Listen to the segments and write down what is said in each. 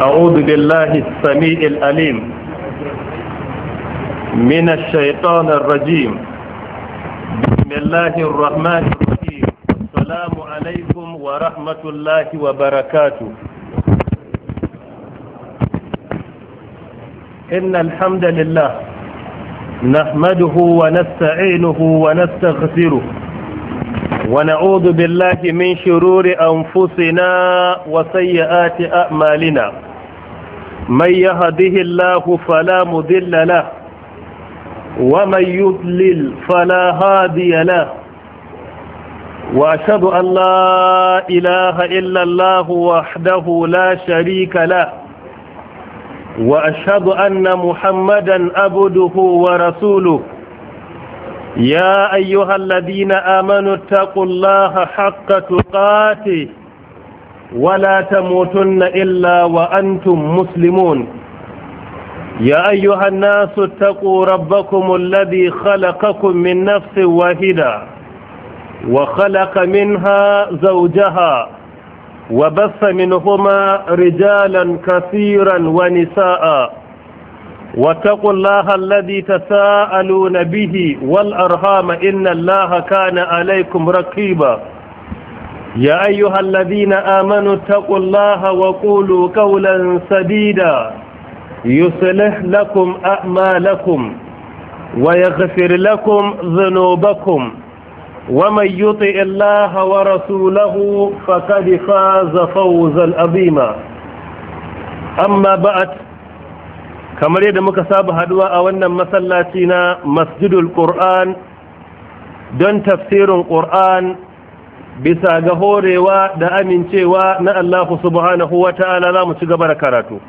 أعوذ بالله السميع الأليم من الشيطان الرجيم بسم الله الرحمن الرحيم السلام عليكم ورحمة الله وبركاته إن الحمد لله نحمده ونستعينه ونستغفره ونعوذ بالله من شرور أنفسنا وسيئات أعمالنا من يهده الله فلا مذل له ومن يضلل فلا هادي له وأشهد أن لا إله إلا الله وحده لا شريك له وأشهد أن محمدا أبده ورسوله يا أيها الذين آمنوا اتقوا الله حق تقاته ولا تموتن إلا وأنتم مسلمون يا أيها الناس اتقوا ربكم الذي خلقكم من نفس واحدة وخلق منها زوجها وبث منهما رجالا كثيرا ونساء واتقوا الله الذي تساءلون به والأرهام إن الله كان عليكم رقيباً يا أيها الذين آمنوا اتقوا الله وقولوا قولا سديدا يصلح لكم أعمالكم ويغفر لكم ذنوبكم ومن يطئ الله ورسوله فقد فاز فوزا عظيما أما بعد kamar yadda muka saba haduwa a wannan masallaci na masjidul qur'an don tafsirin qur'an bisa ga horewa da amincewa na Allah subhanahu wa ta'ala za mu ci gaba da karatu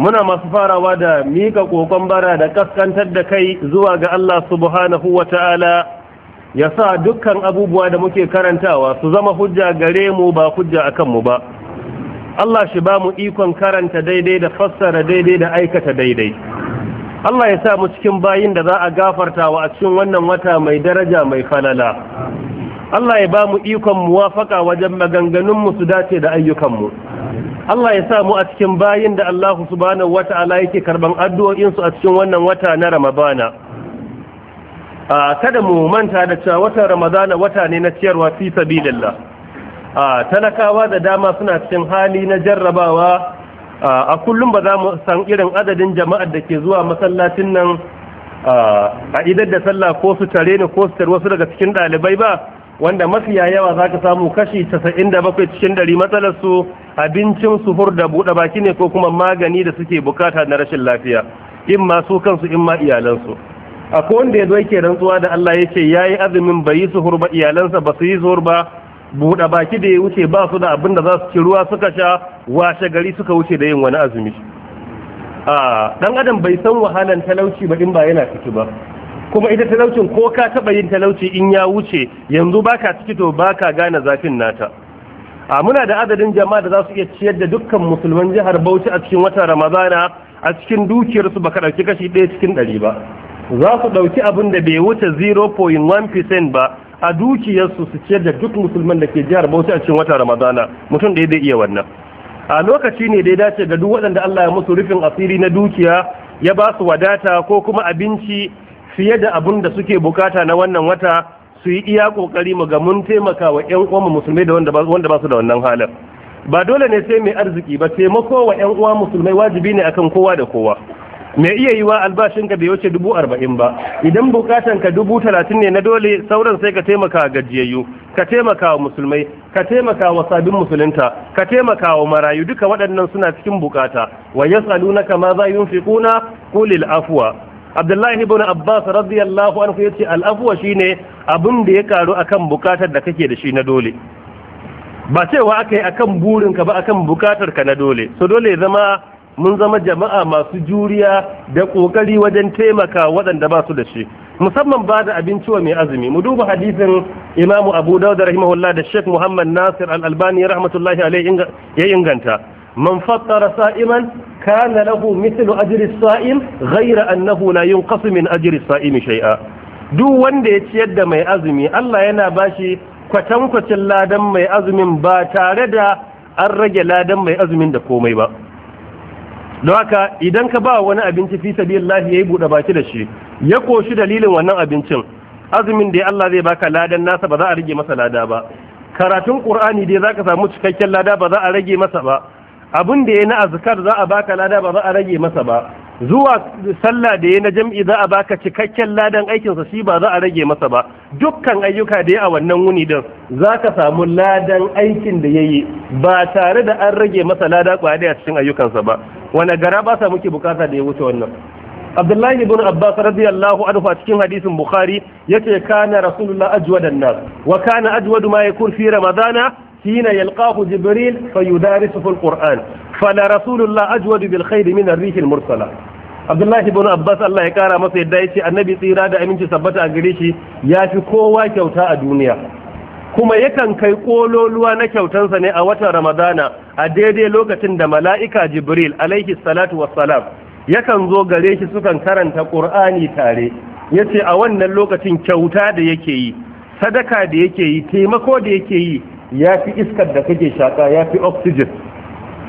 muna masu farawa da mika kokon bara da kaskantar da kai zuwa ga Allah subhanahu wa ta'ala ya sa dukkan abubuwa da muke karantawa su zama hujja gare mu ba hujja akan mu ba Allah shi ba mu ikon karanta daidai da fassara daidai da aikata daidai Allah ya sa mu cikin bayin da za a gafartawa a cikin wannan wata mai daraja mai falala Allah ya ba mu ikon muwafaka wajen maganganunmu su dace da ayyukanmu Allah ya sa mu a cikin bayin da Allah subhanahu wata'ala yake karban addu'o'insu a cikin wannan wata na Ramadana a kada mu manta da cewa watan Ramadana wata ne na ciyarwa fi sabilillah a talakawa da dama suna cikin hali na jarrabawa a kullum ba za mu san irin adadin jama'ar da ke zuwa masallacin nan a idar da sallah ko su tare ni ko su tarwa wasu daga cikin ɗalibai ba wanda mafiya yawa za ka samu kashi 97 cikin ɗari matsalarsu abincin suhur da buɗe baki ne ko kuma magani da suke bukata na rashin lafiya in ma su kansu in ma iyalansu akwai wanda ya zo yake rantsuwa da Allah ya ce ya yi azumin bai yi suhur ba iyalansa ba su yi suhur ba buɗe baki da ya wuce ba su da abin da za su ci ruwa suka sha washe gari suka wuce da yin wani azumi a ah, dan adam bai san wahalan talauci ba in ba yana ciki ba kuma ita talaucin ko ka taba yin talauci in ya wuce yanzu baka ciki to baka gane zafin nata a muna da adadin jama'a da za su iya ciyar da dukkan musulman jihar Bauchi a cikin watan Ramadana a cikin dukiyarsu baka ɗauki kashi ɗaya cikin ɗari ba za su ɗauki abin da bai wuce 0.1% ba a dukiyarsu su ciyar da duk musulman da ke jihar Bauchi a cikin watan Ramadana mutum da zai iya wannan a lokaci ne da ya dace ga duk waɗanda Allah ya musu rufin asiri na dukiya ya ba su wadata ko kuma abinci fiye da abun da suke bukata na wannan wata su yi iya kokari mu ga mun taimaka wa ƴan uwa musulmai da wanda ba su da wannan halin ba dole ne sai mai arziki ba taimako wa ƴan uwa musulmai wajibi ne akan kowa da kowa me iya yi wa ka bai wuce dubu arba'in ba idan ka dubu talatin ne na dole sauran sai ka taimaka gajiyayyu ka taimaka wa musulmai ka taimaka wa sabbin musulunta ka taimaka wa marayu duka waɗannan suna cikin bukata wa yasalunaka ma za yunfiquna qulil afwa abdullahi ibn abbas radiyallahu anhu yace al'afwa shine abin da ya karu akan bukatar da kake da shi na dole ba cewa aka yi akan burinka ba akan bukatar ka na dole so dole zama mun zama jama'a masu juriya da kokari wajen taimaka waɗanda ba su da shi musamman ba da abinci wa mai azumi mu duba hadisin imamu abu dawud rahimahullah da sheikh muhammad nasir al-albani rahmatullahi alayhi inganta man fattara sa'iman kana lahu mithlu ajri sa'im ghayra annahu la yunqasu min ajri sa'imi shay'a duk wanda ya ciyar da mai azumi Allah yana bashi kwatankwacin ladan mai azumin ba tare da an rage ladan mai azumin da komai ba don idan ka ba wani abinci fi sabilillahi yayi buɗe baki da shi ya koshi dalilin wannan abincin azumin da Allah zai baka ladan nasa ba za a rage masa lada ba karatun qur'ani dai zaka samu cikakken lada ba za a rage masa ba abin da ya na azkar za a baka lada ba za a rage masa ba zuwa sallah da ya na jam'i za a baka cikakken ladan aikinsa shi ba za a rage masa ba dukkan ayyuka da ya a wannan wuni din za ka samu ladan aikin da yayi ba tare da an rage masa lada kwaya a cikin ayyukansa ba wani gara ba sa muke bukata da ya wuce wannan abdullahi ibn abbas radiyallahu anhu a cikin hadisin bukhari yace kana rasulullah ajwadan nas wa kana ajwadu ma yakun fi ramadana حين يلقاه جبريل فيدارسه القرآن فلا رسول الله أجود بالخير من الريح المرسلة Abdullahi ibn Abbas Allah ya kara masa yadda yace Annabi tsira da aminci sabbata a gare shi fi kowa kyauta a duniya kuma yakan kai kololuwa na kyautansa ne a watan Ramadana a daidai lokacin da mala'ika Jibril alaihi salatu wassalam yakan zo gare shi sukan karanta Qur'ani tare yace a wannan lokacin kyauta da yake yi sadaka da yake yi taimako da yake yi ya fi iskar da kake shaka ya fi oxygen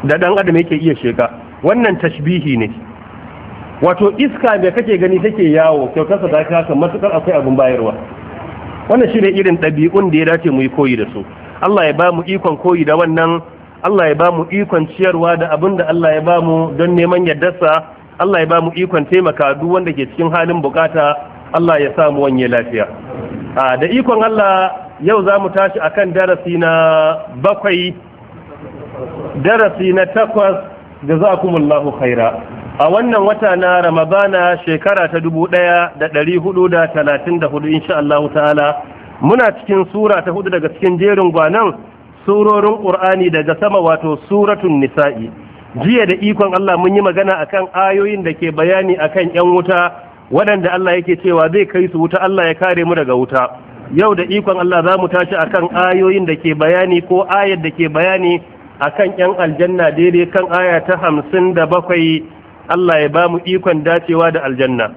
da dan adam yake iya sheka wannan tashbihi ne wato iska da kake gani take yawo kyautarsa ta fi matuƙar akwai abin bayarwa wannan shi irin ɗabi'un da ya dace mu yi koyi da su Allah ya ba mu ikon koyi da wannan Allah ya ba mu ikon ciyarwa da abin da Allah ya ba mu don neman yardarsa Allah ya ba mu ikon taimaka duk wanda ke cikin halin bukata Allah ya samu wanye lafiya ah, da ikon Allah yau za mu tashi a kan darasi na bakwai darasi na takwas da za ku Mullahu khaira a wannan wata na ramadana shekara ta dubu ɗaya da ɗari hudu da talatin da hudu insha Allah ta'ala muna cikin sura ta hudu daga cikin jerin gwanan surorin ƙur'ani daga sama wato suratun nisa'i jiya da ikon Allah mun yi magana akan ayoyin da ke bayani akan yan wuta waɗanda Allah yake cewa zai kai su wuta Allah ya kare mu daga wuta yau da ikon Allah za mu tashi akan ayoyin da ke bayani ko ayar da ke bayani akan yan aljanna daidai kan aya ta hamsin da bakwai Allah ya ba mu ikon dacewa da aljanna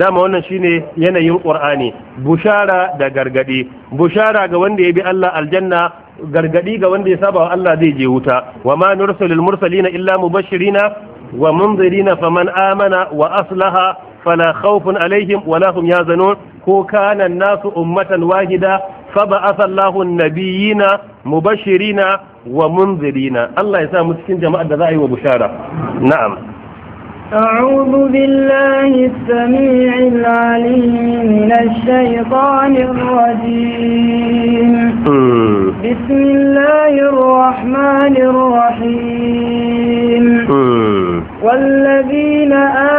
dama wannan shine yanayin ƙur'ani bushara da gargadi bushara ga wanda ya bi Allah aljanna gargadi ga wanda ya saba wa Allah zai je wuta wa ma nursalul mursalina illa mubashirina ومنظرين فمن آمن وأصلها فلا خوف عليهم ولا هم يحزنون كو كان الناس أمة واحدة فبعث الله النبيين مبشرين ومنذرين الله يسامح مسكين جماعة da وبشارة نعم أعوذ بالله السميع العليم من الشيطان الرجيم بسم الله الرحمن الرحيم والذين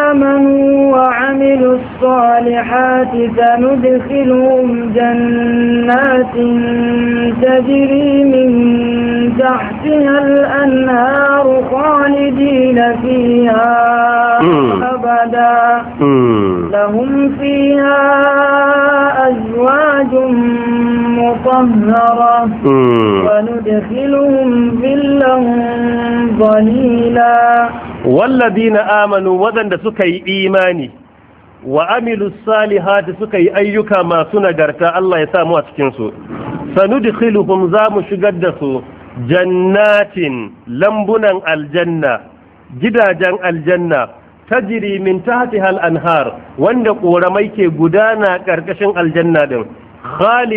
آمنوا وعملوا الصالحات سندخلهم جنات تجري من تحتها الأنهار خالدين فيها أبدا لهم فيها أزواج مطهرة وندخلهم ظلا ظليلا walladina amanu wadanda suka yi imani wa amilu salihati suka yi ayyuka masu nagarta Allah ya samu a cikin su sanudkhiluhum za mu shigar da su jannatin lambunan aljanna gidajen aljanna tajri min tahtiha al-anhar wanda ƙoramai ke gudana ƙarƙashin aljanna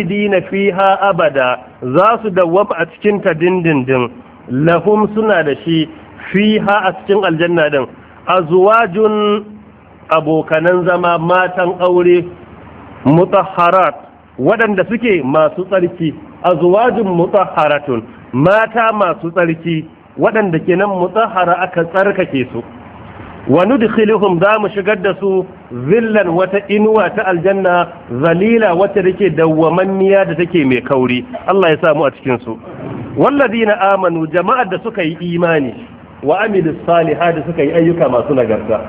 din na fiha abada za su dawwama a cikin ta dindindin lahum suna da shi fiha a cikin aljanna din azwajun abokanan zama matan aure mutahharat waɗanda suke masu tsarki azwajun mutahharatun mata masu tsarki waɗanda kenan mutahhara aka tsarkake su wa nudkhiluhum za mu shigar da su zillan wata inuwa ta aljanna zalila wata ke dawwamanniya da take mai kauri Allah ya samu a cikin su walladina amanu jama'ar da suka yi imani wa amilu da suka yi ayyuka masu nagarta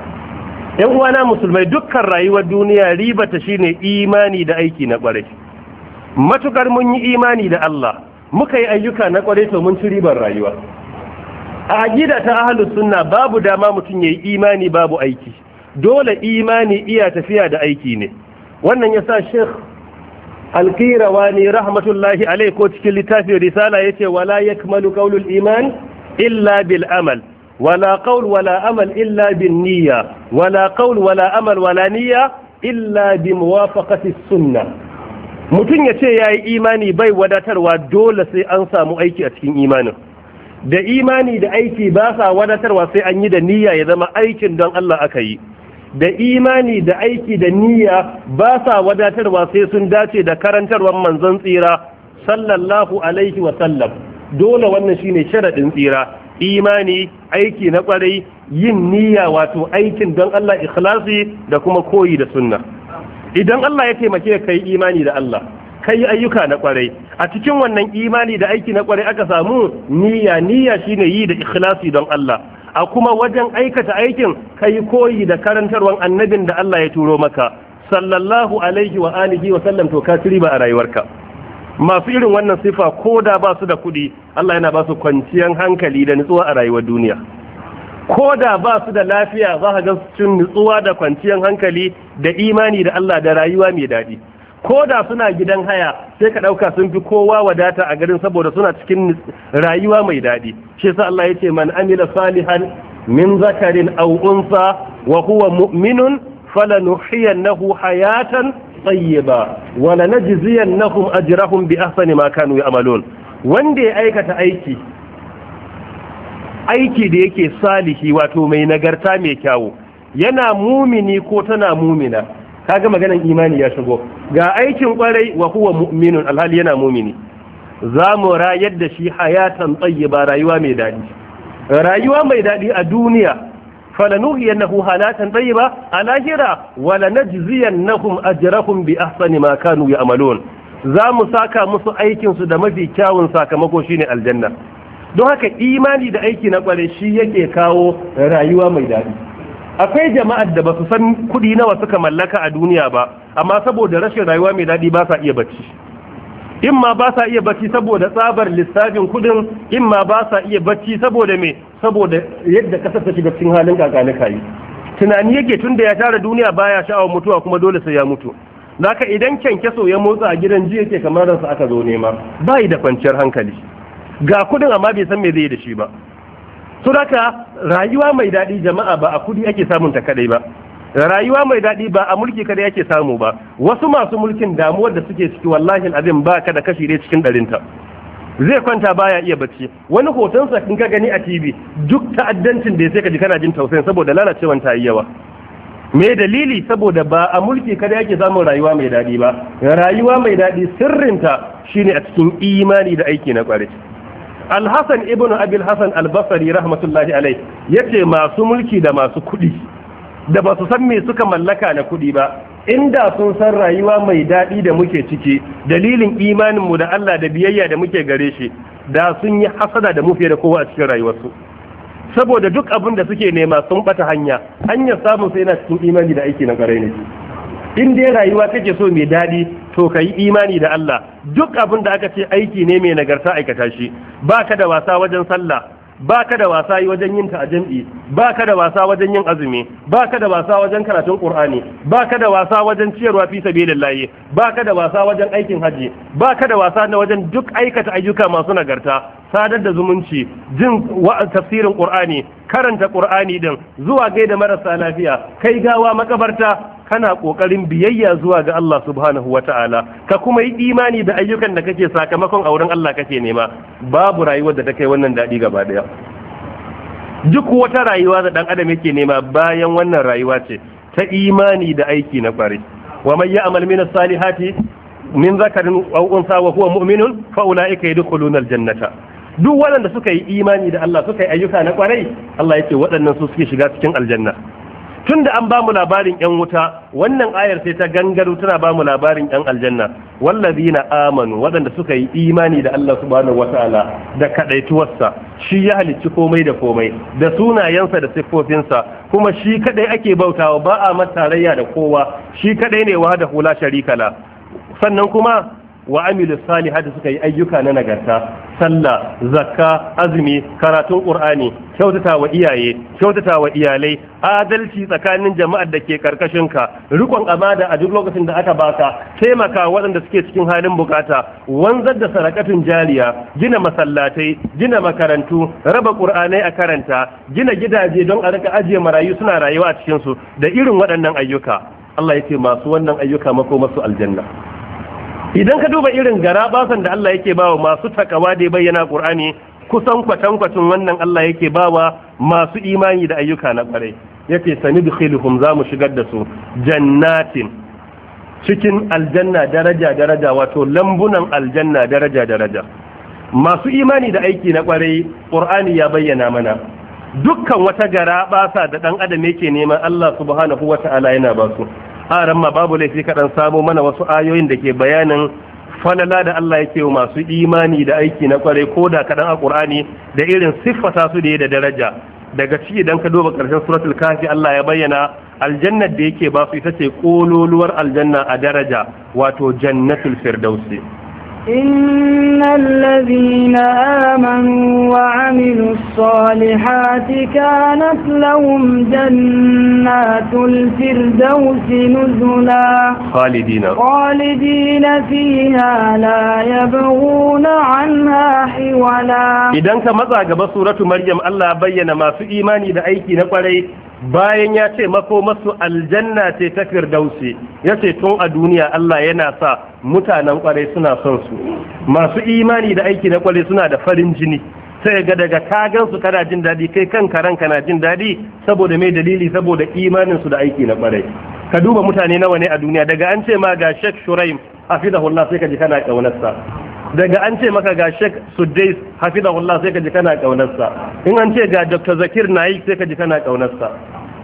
yan uwana musulmai dukkan rayuwar duniya riba ta shine imani da aiki na kwarai matukar mun yi imani da Allah muka yi ayyuka na kwarai to mun ci ribar rayuwa a aqida ta ahlus sunna babu dama mutum yayi imani babu aiki dole imani iya tafiya da aiki ne wannan yasa sheikh alqirawani rahmatullahi alayhi ko cikin littafin risala yace wala yakmalu qawlul iman illa bil amal ولا قول ولا أمل إلا بالنية ولا قول ولا أمل ولا نية إلا بموافقة السنة mutum ya ce ya yi imani bai wadatarwa dole sai an samu aiki a cikin imanin da imani da aiki ba sa wadatarwa sai an yi da niyya ya zama aikin don Allah aka yi da imani da aiki da niyya ba sa wadatarwa sai sun dace da karantarwar manzon tsira sallallahu alaihi wa sallam dole wannan shine sharaɗin tsira imani aiki na kwarai yin niyya wato aikin don Allah ikhlasi da kuma koyi da sunna idan Allah ya taimake ka yi imani da Allah ka yi ayyuka na kwarai a cikin wannan imani da aiki na kwarai aka samu niyya niyya shine yi da ikhlasi don Allah a kuma wajen aikata aikin ka yi koyi da karantarwar annabin da Allah ya turo maka sallallahu alaihi wa alihi wa sallam to ka ba a rayuwarka masu irin wannan sifa ko da ba su da kuɗi Allah yana ba su kwanciyar hankali da nutsuwa a rayuwar duniya ko da ba su da lafiya za ka ga cin nutsuwa da kwanciyar hankali da imani da Allah da rayuwa mai daɗi ko da suna gidan haya sai ka ɗauka sun fi kowa wadata a garin saboda suna cikin rayuwa mai daɗi shi sa Allah yace ce man amila salihan min zakarin aw unsa wa huwa mu'minun falanuhiyannahu hayatan tayyiba na lanajziyannahum ajrahum bi ahsani ma kanu ya'malun wanda ya aikata aiki aiki da yake salihi wato mai nagarta mai kyawu yana mumini ko tana mumina kaga maganan imani ya shigo ga aikin kwarai wa huwa mu'minun alhali yana mumini za mu rayar da shi hayatan tsayyaba rayuwa mai daɗi rayuwa mai daɗi a duniya falanuhiyannahu halatan tayyiba a lahira wala najziyannahum ajrahum bi ahsani ma kanu ya'malun za mu saka musu aikin su da mafi kyawun sakamako shine aljanna don haka imani da aiki na kware shi yake kawo rayuwa mai daɗi akwai jama'ar da ba su san kuɗi nawa suka mallaka a duniya ba amma saboda rashin rayuwa mai daɗi ba sa iya bacci in ma ba sa iya bacci saboda tsabar lissafin kudin in ma ba sa iya bacci saboda me saboda yadda kasar ta shiga cikin halin kakanika yi tunani yake tun da ya tara duniya baya sha'awar mutuwa kuma dole sai ya mutu naka idan kyankyaso ya motsa a gidan ji yake kamar ransa aka zo nema bai da kwanciyar hankali ga kudin amma bai san me zai da shi ba so rayuwa mai daɗi jama'a ba a kudi ake samun ta kadai ba rayuwa mai daɗi ba a mulki kada yake samu ba wasu masu mulkin damuwar da suke ciki wallahi abin ba ka da kashi dai cikin ɗarinta zai kwanta baya iya bacci wani hotonsa in ka gani a tv duk ta'addancin da ya sai ka ji kana jin tausayin saboda lalacewan ta yi yawa me dalili saboda ba a mulki kada yake samun rayuwa mai daɗi ba rayuwa mai daɗi sirrinta shine a cikin imani da aiki na ƙwarai alhassan ibnu abil hassan albasari rahmatullahi alai yace masu mulki da masu kuɗi da ba su san me suka mallaka na kuɗi ba inda sun san rayuwa mai daɗi da muke ciki dalilin imaninmu da Allah da biyayya da muke gare shi da sun yi hasada da mu fiye da kowa a cikin rayuwarsu saboda duk abin da suke nema sun bata hanya hanyar samun sai yana cikin imani da aiki na kare ne in dai rayuwa kake so mai daɗi to ka yi imani da Allah duk abin da aka ce aiki ne mai nagarta aikata shi ba ka da wasa wajen sallah ba ka da wasa yi wajen yin a jam'i ba ka da wasa wajen yin azumi ba ka da wasa wajen karatun qur'ani ba ka da wasa wajen ciyarwa fi sabilillahi ba ka da wasa wajen aikin haji ba ka da wasa na wajen duk aikata ayyuka masu nagarta sadar da zumunci jin tafsirin qur'ani karanta qur'ani din zuwa gaida marasa lafiya kai gawa makabarta kana kokarin biyayya zuwa ga Allah subhanahu wa ta'ala, ka kuma yi imani da ayyukan da kake sakamakon auren Allah kake nema babu rayuwar da ta kai wannan daɗi gaba ɗaya duk wata rayuwa da ɗan adam yake nema bayan wannan rayuwa ce ta imani da aiki na kwari wa man ya'mal min as-salihati min zakarin aw unsa wa huwa mu'minun fa ulaika yadkhuluna al-jannata duk wanda suka yi imani da Allah suka yi ayyuka na kwarai Allah yake waɗannan su suke shiga cikin aljanna tun da an ba mu labarin yan wuta wannan ayar sai ta gangaro tana ba mu labarin yan aljanna wallazina amanu waɗanda suka yi imani da Allah subhanahu wataala da kadaituwarsa shi ya halicci komai da komai da sunayensa da siffofinsa kuma shi kadai ake bautawa ba a matarayya da kowa shi kadai ne wa da hula sharikala sannan kuma wa amilu da suka yi ayyuka na nagarta sallah zakka azumi karatun qur'ani kyautata wa iyaye kyautata wa iyalai adalci tsakanin jama'ar da ke karkashin ka rikon amada a duk lokacin da aka baka taimaka waɗanda suke cikin halin bukata wanzar da sarakatun jariya gina masallatai gina makarantu raba qur'anai a karanta gina gidaje don a rika ajiye marayu suna rayuwa a cikin su da irin waɗannan ayyuka Allah ya ce masu wannan ayyuka masu aljanna idan ka duba irin gara basan da Allah yake bawa masu takawa da bayyana Qur'ani kusan kwatankwacin wannan Allah yake bawa masu imani da ayyuka na kwarai yace sanidkhiluhum za mu shigar da su jannatin cikin aljanna daraja daraja wato lambunan aljanna daraja daraja masu imani da aiki na kwarai Qur'ani ya bayyana mana dukkan wata gara basa da dan adam yake neman Allah subhanahu wata'ala yana ba su aranma babu laifi kaɗan samo mana wasu ayoyin da ke bayanin falala da Allah yake wa masu imani da aiki na kwarai ko da kaɗan a ƙur'ani da irin siffata su da da daraja daga ciki idan ka duba ƙarshen suratul kafi Allah ya bayyana aljannar da yake ba su ita ce kololuwar aljanna a daraja wato jannatul firdausi إن الذين آمنوا وعملوا الصالحات كانت لهم جنات الفردوس نزلا خالدين خالدين فيها لا يبغون عنها حولا إذن كما قبل سورة مريم الله بيّن ما في إيماني بأيكي نقري bayan ya ce mako masu aljanna ce ta firdausi ya ce tun a duniya Allah yana sa mutanen kwarai suna son su masu imani da aiki na kwarai suna da farin jini sai ga daga kagan su kana jin daɗi kai kan ranka na jin daɗi saboda mai dalili saboda imanin su da aiki na kwarai ka duba mutane nawa ne a duniya daga an ce ma ga Sheikh Shuraim hafizahullah sai ka ji kana kaunarsa daga an ce maka ga Sheikh Sudais hafizahullah sai ka ji kana kaunarsa in an ce ga Dr Zakir Naik sai ka ji kana kaunarsa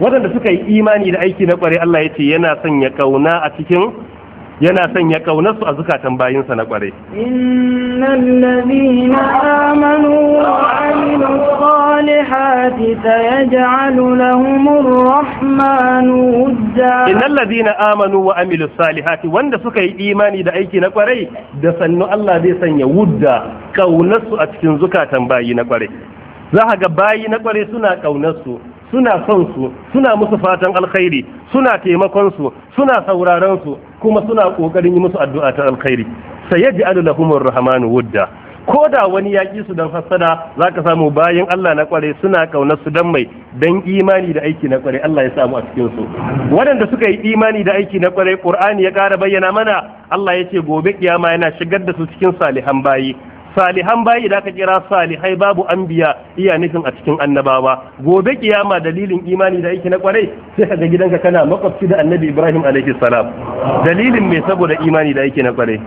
waɗanda suka yi imani da aiki na kwarai Allah ya ce yana ya kauna a cikin yana son ya kaunarsu a zukatan bayinsa na kware innal ladina amanu wa salihati lahumur rahmanu amanu wa amilus salihati wanda suka yi imani da aiki na kware da sannu Allah zai sanya wudda kaunarsu a cikin zukatan bayi na kware za ga bayi na kware suna kaunarsu suna son su suna musu fatan alkhairi suna taimakon su suna sauraron su kuma suna kokarin yi musu addu'a ta alkhairi sayaj'alu lahumur rahmanu wudda ko da wani yaƙi su dan fassada zaka samu bayan Allah na kware suna ƙaunar su dan mai dan imani da aiki na kware Allah ya samu a cikin su waɗanda suka yi imani da aiki na kware ƙur'ani ya kara bayyana mana Allah ya ce gobe kiyama yana shigar da su cikin salihan bayi salihan bayi idan aka kira salihai babu anbiya iya nufin a cikin annabawa gobe kiyama dalilin imani da yake na kwarai sai kaga gidanka kana makwabci da annabi ibrahim alaihi salam dalilin me saboda imani da yake na kwarai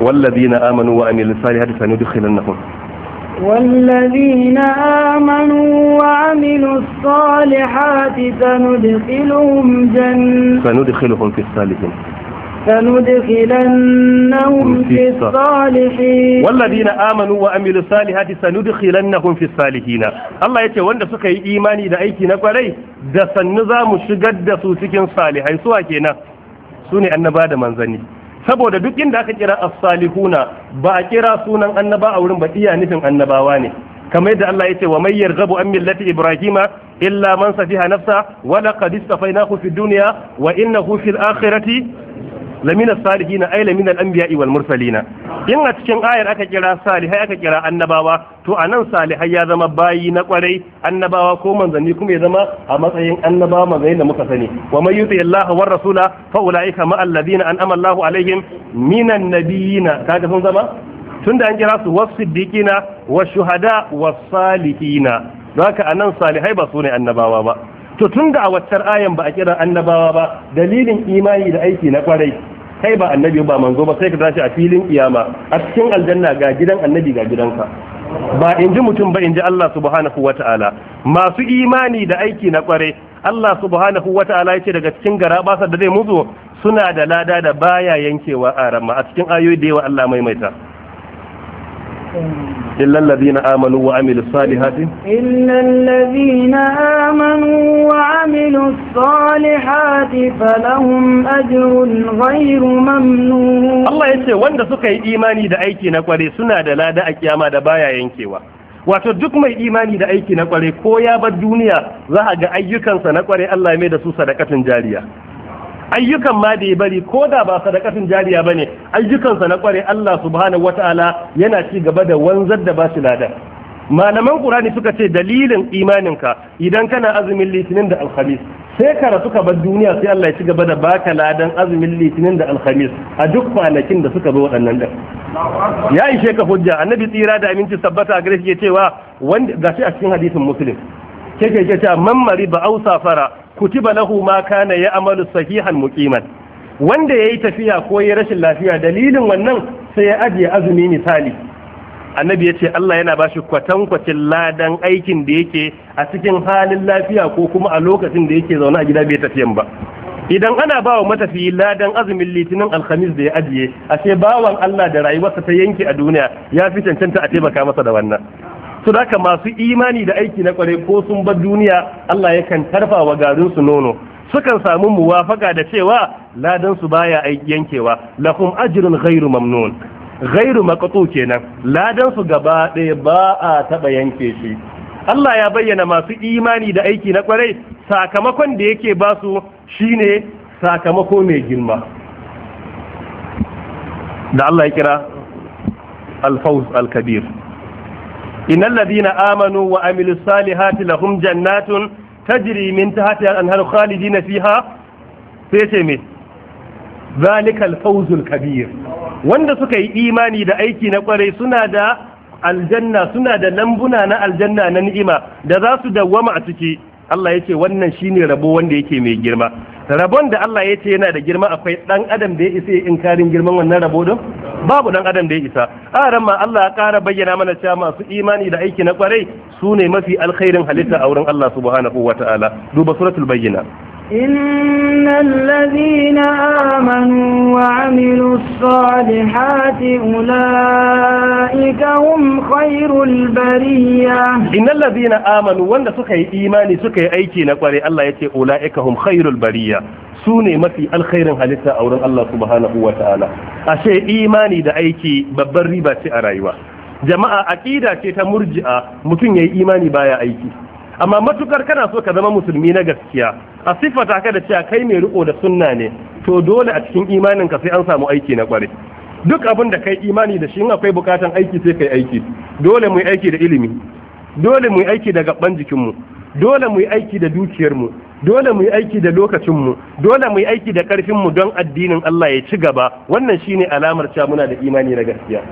والذين آمنوا وعملوا الصالحات سندخلنهم والذين آمنوا وعملوا الصالحات سندخلهم جنة سندخلهم في الصالحين سندخلنهم في الصالحين والذين آمنوا وعملوا الصالحات سندخلنهم في الصالحين الله يتي wanda suka yi imani da aiki na kwarai da sannu za mu shigar da su cikin salihai suwa kenan su ne annaba da manzanni saboda duk inda aka kira a salihuna ba a kira sunan annaba a wurin ba iya nufin annabawa ne kamar yadda Allah ya ce wa mayyar gabu an millati ibrahima illa man safiha nafsa wa laqad istafaynahu fid dunya wa innahu fil akhirati lamina salihina ay lamina al-anbiya'i wal mursalina in a cikin ayar aka kira salihai aka kira annabawa to anan salihai ya zama bayi na kwarai annabawa ko manzanni kuma ya zama a matsayin annabawa manzanni da muka sani wa man yuti Allah war rasula fa ulaika ma alladhina an'ama Allahu alaihim minan nabiyina kaga sun zama tunda an kira su was-siddiqina wash-shuhada was-salihina zaka anan salihai ba su ne annabawa ba to tun da a wacce ayan ba a kira annabawa ba dalilin imani da aiki na kwarai kai ba annabi ba manzo ba sai ka tashi a filin kiyama a cikin aljanna ga gidan annabi ga gidanka ba in ji mutum ba in ji Allah subhanahu wata'ala masu imani da aiki na kware Allah subhanahu wata'ala ya ce daga cikin gara da zai muzo suna da lada da baya yankewa a ramma a cikin ayoyi da yawa Allah maimaita إلا الذين آمنوا وعملوا الصالحات إلا الذين آمنوا وعملوا الصالحات فلهم أجر غير ممنون الله يسي wanda suka yi imani da aiki na kware suna da lada a kyama da baya yankewa wato duk mai imani da aiki na kware ko ya bar duniya za a ga ayyukansa na kware Allah ya mai da su sadakatun jariya ayyukan ma da ya bari ko da ba sadakatin jariya ba ne ayyukansa na kware Allah subhanahu wataala yana ci gaba da wanzar da bashi ladan malaman ƙur'ani suka ce dalilin imaninka idan kana azumin litinin da alhamis sai ka rasu bar duniya sai Allah ya ci gaba da baka ladan azumin litinin da alhamis a duk kwanakin da suka zo waɗannan din ya ishe ka hujja annabi tsira da aminci sabbata gare ya cewa wanda gashi a cikin hadisin muslim kake ke ta mammari ba au safara kutiba lahu ma kana ya amalu sahihan muqiman wanda yayi tafiya ko yayi rashin lafiya dalilin wannan sai ya ajiye azumi misali annabi ya ce Allah yana bashi kwatankwacin ladan aikin da yake a cikin halin lafiya ko kuma a lokacin da yake zaune a gida bai tafiyan ba idan ana bawa matafiyi ladan azumin litinin alhamis da ya ajiye ashe bawan Allah da rayuwarsa ta yanke a duniya ya fi cancanta a taimaka masa da wannan su haka masu imani da aiki na kwarai ko sun bar duniya Allah yakan tarfa wa garin su nono sukan samu muwafaka da cewa ladan su baya yankewa lahum ajrun ghairu mamnun ghairu maqtu kenan ladan su gaba ɗaya ba a taba yanke shi Allah ya bayyana masu imani da aiki na kwarai sakamakon da yake ba su shine sakamako mai girma da Allah ya kira al-fawz al-kabir innal ladina amanu wa amilus salihati lahum jannatun tajri min tahtiha al-anharu khalidina fiha sai ce me zalikal fawzul kabir wanda suka yi imani da aiki na kwarai suna da aljanna suna da lambuna na aljanna na ni'ima da za su dawwama a ciki Allah ya ce wannan shi ne rabo wanda yake mai girma rabon da Allah ya ce yana da girma akwai dan adam da ya isa ya inkarin girman wannan rabo don babu dan adam da ya isa a ran ma Allah ya ƙara bayyana mana cewa masu imani da aiki na kwarai su ne mafi alkhairin halitta a wurin Allah subhanahu wataala duba suratul bayyina إن الذين آمنوا وعملوا الصالحات أولئك هم خير البرية إن الذين آمنوا وأن سكي إيماني سكي أيكي نقري الله يتي أولئك هم خير البرية سوني مفي الخير حديثة أولا الله سبحانه وتعالى أشي إيماني دا أيكي ببري باتي أرايوا jama'a aƙida ce ta murji'a mutum ya yi imani baya aiki amma matukar kana so ka zama musulmi na gaskiya a siffata ka da cewa kai mai riko da sunna ne to dole a cikin imanin ka sai an samu aiki na kware duk abin da kai imani da shi in akwai bukatan aiki sai kai aiki dole mu yi aiki da ilimi dole mu yi aiki da gaban jikinmu dole mu yi aiki da dukiyarmu dole mu yi aiki da lokacin mu dole mu yi aiki da karfin mu don addinin Allah ya ci gaba wannan shine alamar cewa muna da imani na gaskiya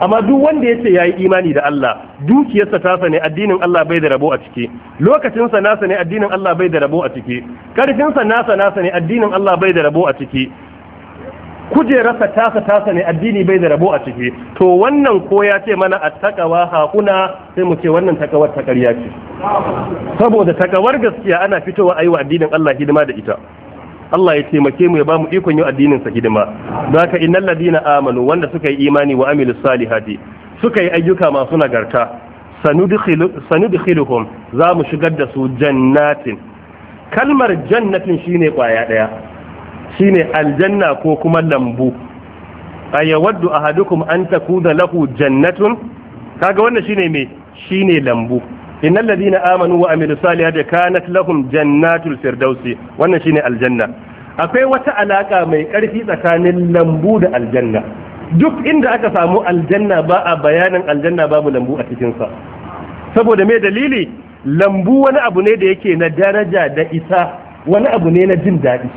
amma duk wanda ya ce ya yi imani da Allah dukiyarsa tasa ne addinin Allah bai da rabo a ciki lokacinsa nasa ne addinin Allah bai da rabo a ciki karfinsa nasa nasa ne addinin Allah bai da rabo a ciki kujerarsa tasa tasa ne addini bai da rabo a ciki to wannan ko ya ce mana a takawa hakuna sai mu ce wannan takawar ta ƙarya ce saboda takawar gaskiya ana fitowa a yi wa addinin Allah hidima da ita Allah ya taimake mu ya ba mu ikon yin addinin sa hidima don haka innal ladina amanu wanda suka yi imani wa amilus salihati suka yi ayyuka masu nagarta sanudkhiluhum za mu shigar da su jannatin kalmar jannatin shine kwaya daya shine aljanna ko kuma lambu ayawaddu ahadukum an takuna lahu jannatun kaga wannan shine me shine lambu innal ladina amanu wa amilu salihati kanat lahum jannatul firdausi wannan shine aljanna akwai wata alaka mai karfi tsakanin lambu da aljanna duk inda aka samu aljanna ba a bayanin aljanna babu lambu a cikin sa saboda me dalili lambu wani abu ne da yake na daraja da isa wani abu ne na jin daɗi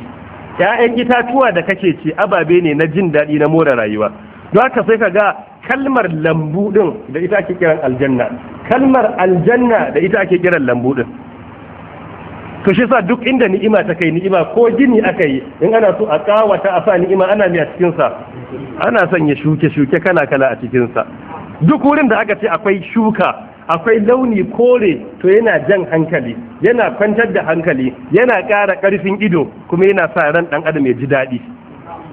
‘ya'yan itatuwa da kake ci ababe ne na jin daɗi na more rayuwa don haka sai ka ga kalmar lambu din da ita ake kiran aljanna kalmar aljanna da ita ake kiran lambu din to shi sa duk inda ni'ima ta kai ni'ima ko gini aka yi in ana so a kawata a sa ni'ima ana mai a cikin sa ana sanya shuke shuke kala kala a cikin sa duk wurin da aka ce akwai shuka akwai launi kore to yana jan hankali yana kwantar da hankali yana ƙara ƙarfin ido kuma yana sa ran dan adam ya ji daɗi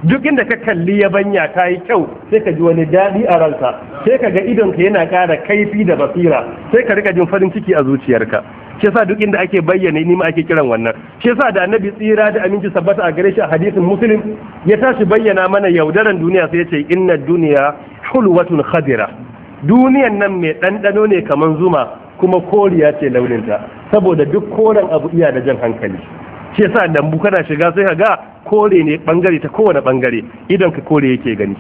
duk inda ka kalli yabanya ta yi kyau sai ka ji wani daɗi a ranka sai ka ga idonka yana ƙara kaifi da basira sai ka rika jin farin ciki a zuciyarka shi yasa duk inda ake bayyana ni ma ake kiran wannan shi yasa da annabi tsira da aminci sabbata a gare shi a hadisin muslim ya tashi bayyana mana yaudaran duniya sai ya ce inna duniya hulwatun khadira duniyan nan mai ɗanɗano ne kamar zuma kuma koriya ce launinta saboda duk koren abu iya da jan hankali shi yasa lambu kana shiga sai ka ga kore ne bangare ta kowane bangare idan ka kore yake gani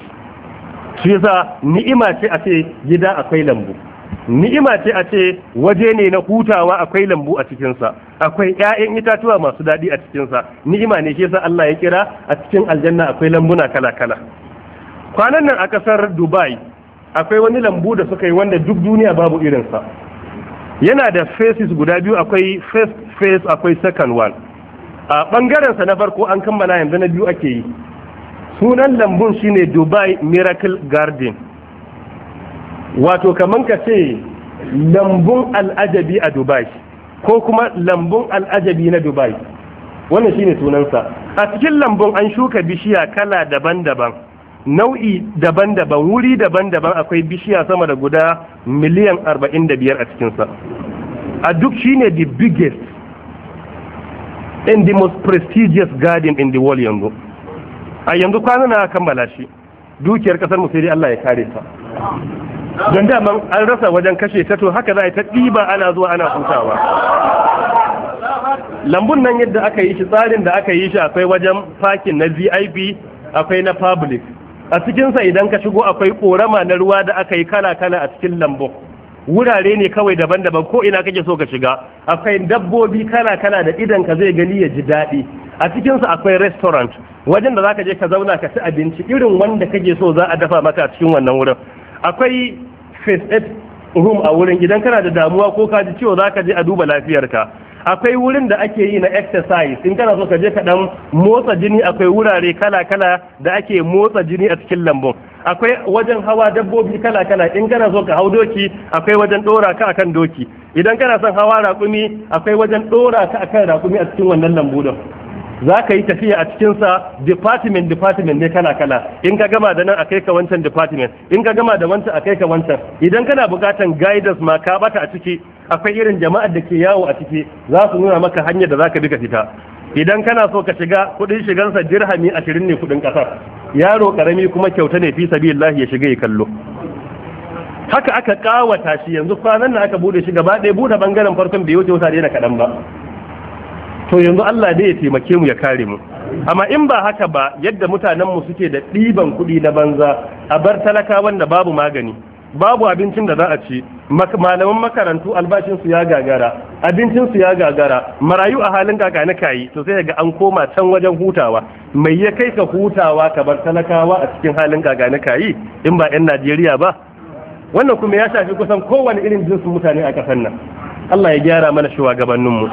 shi yasa ni'ima ce a ce gida akwai lambu ni'ima ce a ce waje ne na hutawa akwai lambu a cikinsa akwai 'ya'yan itatuwa masu dadi a cikinsa ni'ima ne shi yasa Allah ya kira a cikin aljanna akwai lambu na kala-kala kwanan nan a ƙasar Dubai akwai wani lambu da suka yi wanda duk duniya babu irinsa yana da faces guda biyu akwai first face akwai second one a ɓangarensa sa na farko an kammala yanzu na biyu ake yi sunan lambun shine Dubai Miracle Garden wato kaman ka ce lambun al'ajabi a Dubai ko kuma lambun al'ajabi na Dubai wannan shine sunansa a cikin lambun an shuka bishiya kala daban-daban nau'i daban-daban wuri daban-daban akwai bishiya sama da guda miliyan 45 a cikinsa a duk shine the biggest in the most prestigious garden in the world yanzu a yanzu kwana na kammala shi dukiyar kasar mu sai dai Allah ya kare ta don dama an rasa wajen kashe ta to haka za a yi ta ɗiba ana zuwa ana hutawa lambun nan yadda aka yi shi tsarin da aka yi shi akwai wajen fakin na vip akwai na public a cikinsa idan ka shigo akwai korama na ruwa da aka yi kala-kala a cikin lambun wurare ne kawai daban-daban ko ina kake so ka shiga akwai dabbobi kana kana da idan ka zai gani ya ji daɗi a cikinsu akwai restaurant wajen da za ka je ka zauna ka ci abinci irin wanda kake so za a dafa maka a cikin wannan wurin akwai face aid room a wurin idan kana da damuwa ko ka ji ciwo ka je a duba lafiyarka akwai wurin da ake yi na exercise in kana so ka je ka motsa jini akwai wurare kala-kala da ake motsa jini a cikin lambun akwai wajen hawa dabbobi kala-kala in kana so ka hau doki akwai wajen ɗora ka akan doki idan kana son hawa raƙumi akwai wajen ɗora ka akan raƙumi a cikin wannan lambu don za ka yi tafiya a cikinsa department department ne kana kala in ka gama da nan a kai ka wancan department in ka gama da wancan a kai ka wancan idan kana bukatan guidance ma ka bata a ciki akwai irin jama'ar da ke yawo a ciki za su nuna maka hanyar da za ka bi ka fita idan kana so ka shiga kudin shigansa dirhami ashirin ne kudin kasar yaro karami kuma kyauta ne fi sabilillahi ya shiga ya kallo haka aka kawata shi yanzu kwanan nan aka bude shi gaba ɗaya bude bangaren farkon biyu ta wuta daina kaɗan ba to yanzu Allah ne ya taimake mu ya kare mu amma in ba haka ba yadda mutanen mu suke da ɗiban kuɗi na banza a bar talaka wanda babu magani babu abincin da za a ci malaman makarantu albashin su ya gagara abincinsu ya gagara marayu a halin kakani kayi to sai ga an koma can wajen hutawa mai ya kai ka hutawa ka bar talakawa a cikin halin kakani kayi in ba 'yan najeriya ba wannan kuma ya shafi kusan kowane irin jinsin mutane a kasar nan Allah ya gyara mana shugabanninmu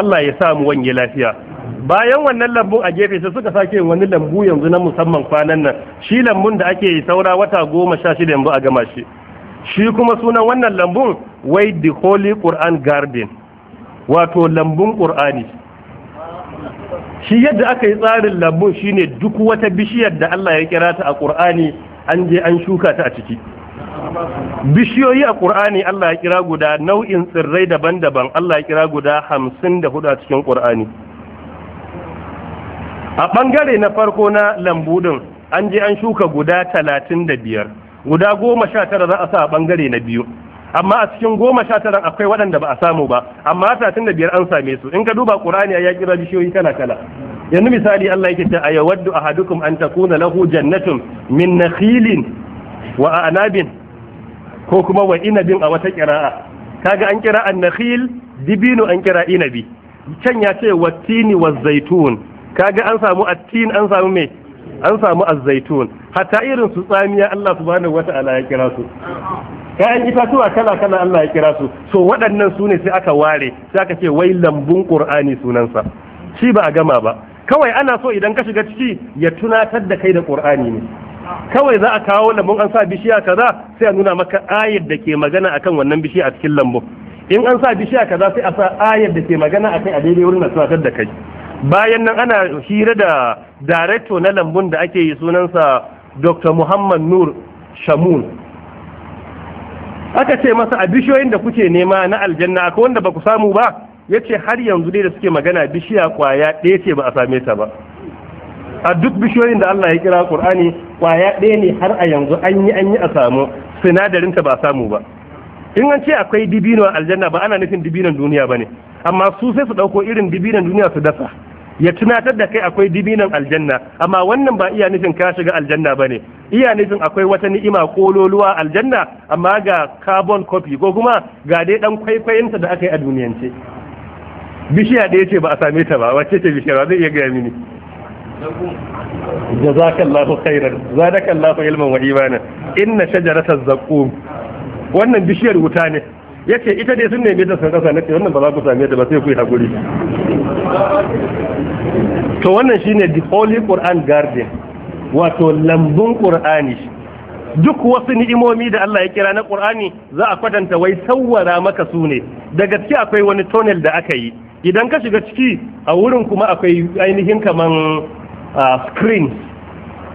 Allah ya samu mu wange lafiya bayan wannan lambun a gefe sai suka sake yin wani lambu yanzu na musamman kwanan nan shi lambun da ake yi saura wata goma sha shida yanzu a gama shi shi kuma sunan wannan lambun wai the holy quran garden wato lambun qur'ani shi yadda aka yi tsarin lambun shine duk wata bishiyar da Allah ya kira ta a qur'ani an je an shuka ta a ciki bishiyoyi a ƙur'ani Allah ya kira guda nau'in tsirrai daban-daban Allah ya kira guda hamsin da hudu a cikin ƙur'ani a ɓangare na farko na lambu an je an shuka guda talatin da biyar guda goma sha tara za a sa a ɓangare na biyu amma a cikin goma sha tara akwai waɗanda ba a samu ba amma talatin da biyar an same su in ka duba ƙur'ani ya kira bishiyoyi kala kala yanzu misali Allah ya ce ta ayawaddu ahadukum an takuna lahu jannatun min nakhilin wa anabin ko kuma wa inabin a wata kira'a kaga an kira annakhil dibino an kira inabi can ya ce wattini wa zaitun kaga an samu attin an samu me an samu zaitun. hatta irin su tsamiya Allah subhanahu wata'ala ya kira su kayan itatuwa kala kala Allah ya kira su so waɗannan su ne sai aka ware sai aka ce wai lambun qur'ani sunansa shi ba a gama ba kawai ana so idan ka shiga ciki ya tunatar da kai da qur'ani ne kawai za a kawo lambun an sa bishiya kaza sai a nuna maka ayar da ke magana akan wannan bishiya a cikin lambun in an sa bishiya kaza sai a sa ayar da ke magana akan a daidai wurin na da kai bayan nan ana hira da director na lambun da ake yi sunansa Dr. Muhammad Nur Shamun aka ce masa a bishiyoyin da kuke nema na aljanna ko wanda ba ku samu ba Ya ce har yanzu dai da suke magana bishiya kwaya ɗaya ce ba a same ta ba a duk bishiyoyin da Allah ya kira Qur'ani kwaya ɗaya ne har a yanzu an yi an yi a samu sinadarin ta ba samu ba in an ce akwai dibino aljanna ba ana nufin dibinan duniya bane amma su sai su dauko irin dibinon duniya su dasa ya tunatar da kai akwai dibinan aljanna amma wannan ba iya nufin ka shiga aljanna ba iya nufin akwai wata ni'ima kololuwa aljanna amma ga carbon copy ko kuma ga dai dan kwaikwayinta da aka yi a duniyance bishiya ɗaya ce ba a same ta ba wacce ce bishiya ba zai iya gaya mini الله خيرا زادك الله علما imanan inna shajarataz الزقوم wannan bishiyar wuta ne yace ita dai sun neme da sun kasa nace wannan ba za ku same ta ba sai ku yi hakuri to wannan shine the holy Quran garden wato lambun Qur'ani duk wasu ni'imomi da Allah ya kira na Qur'ani za a kwatanta wai sawwara maka su ne da gaske akwai wani tunnel da aka yi idan ka shiga ciki a wurin kuma akwai ainihin kaman screen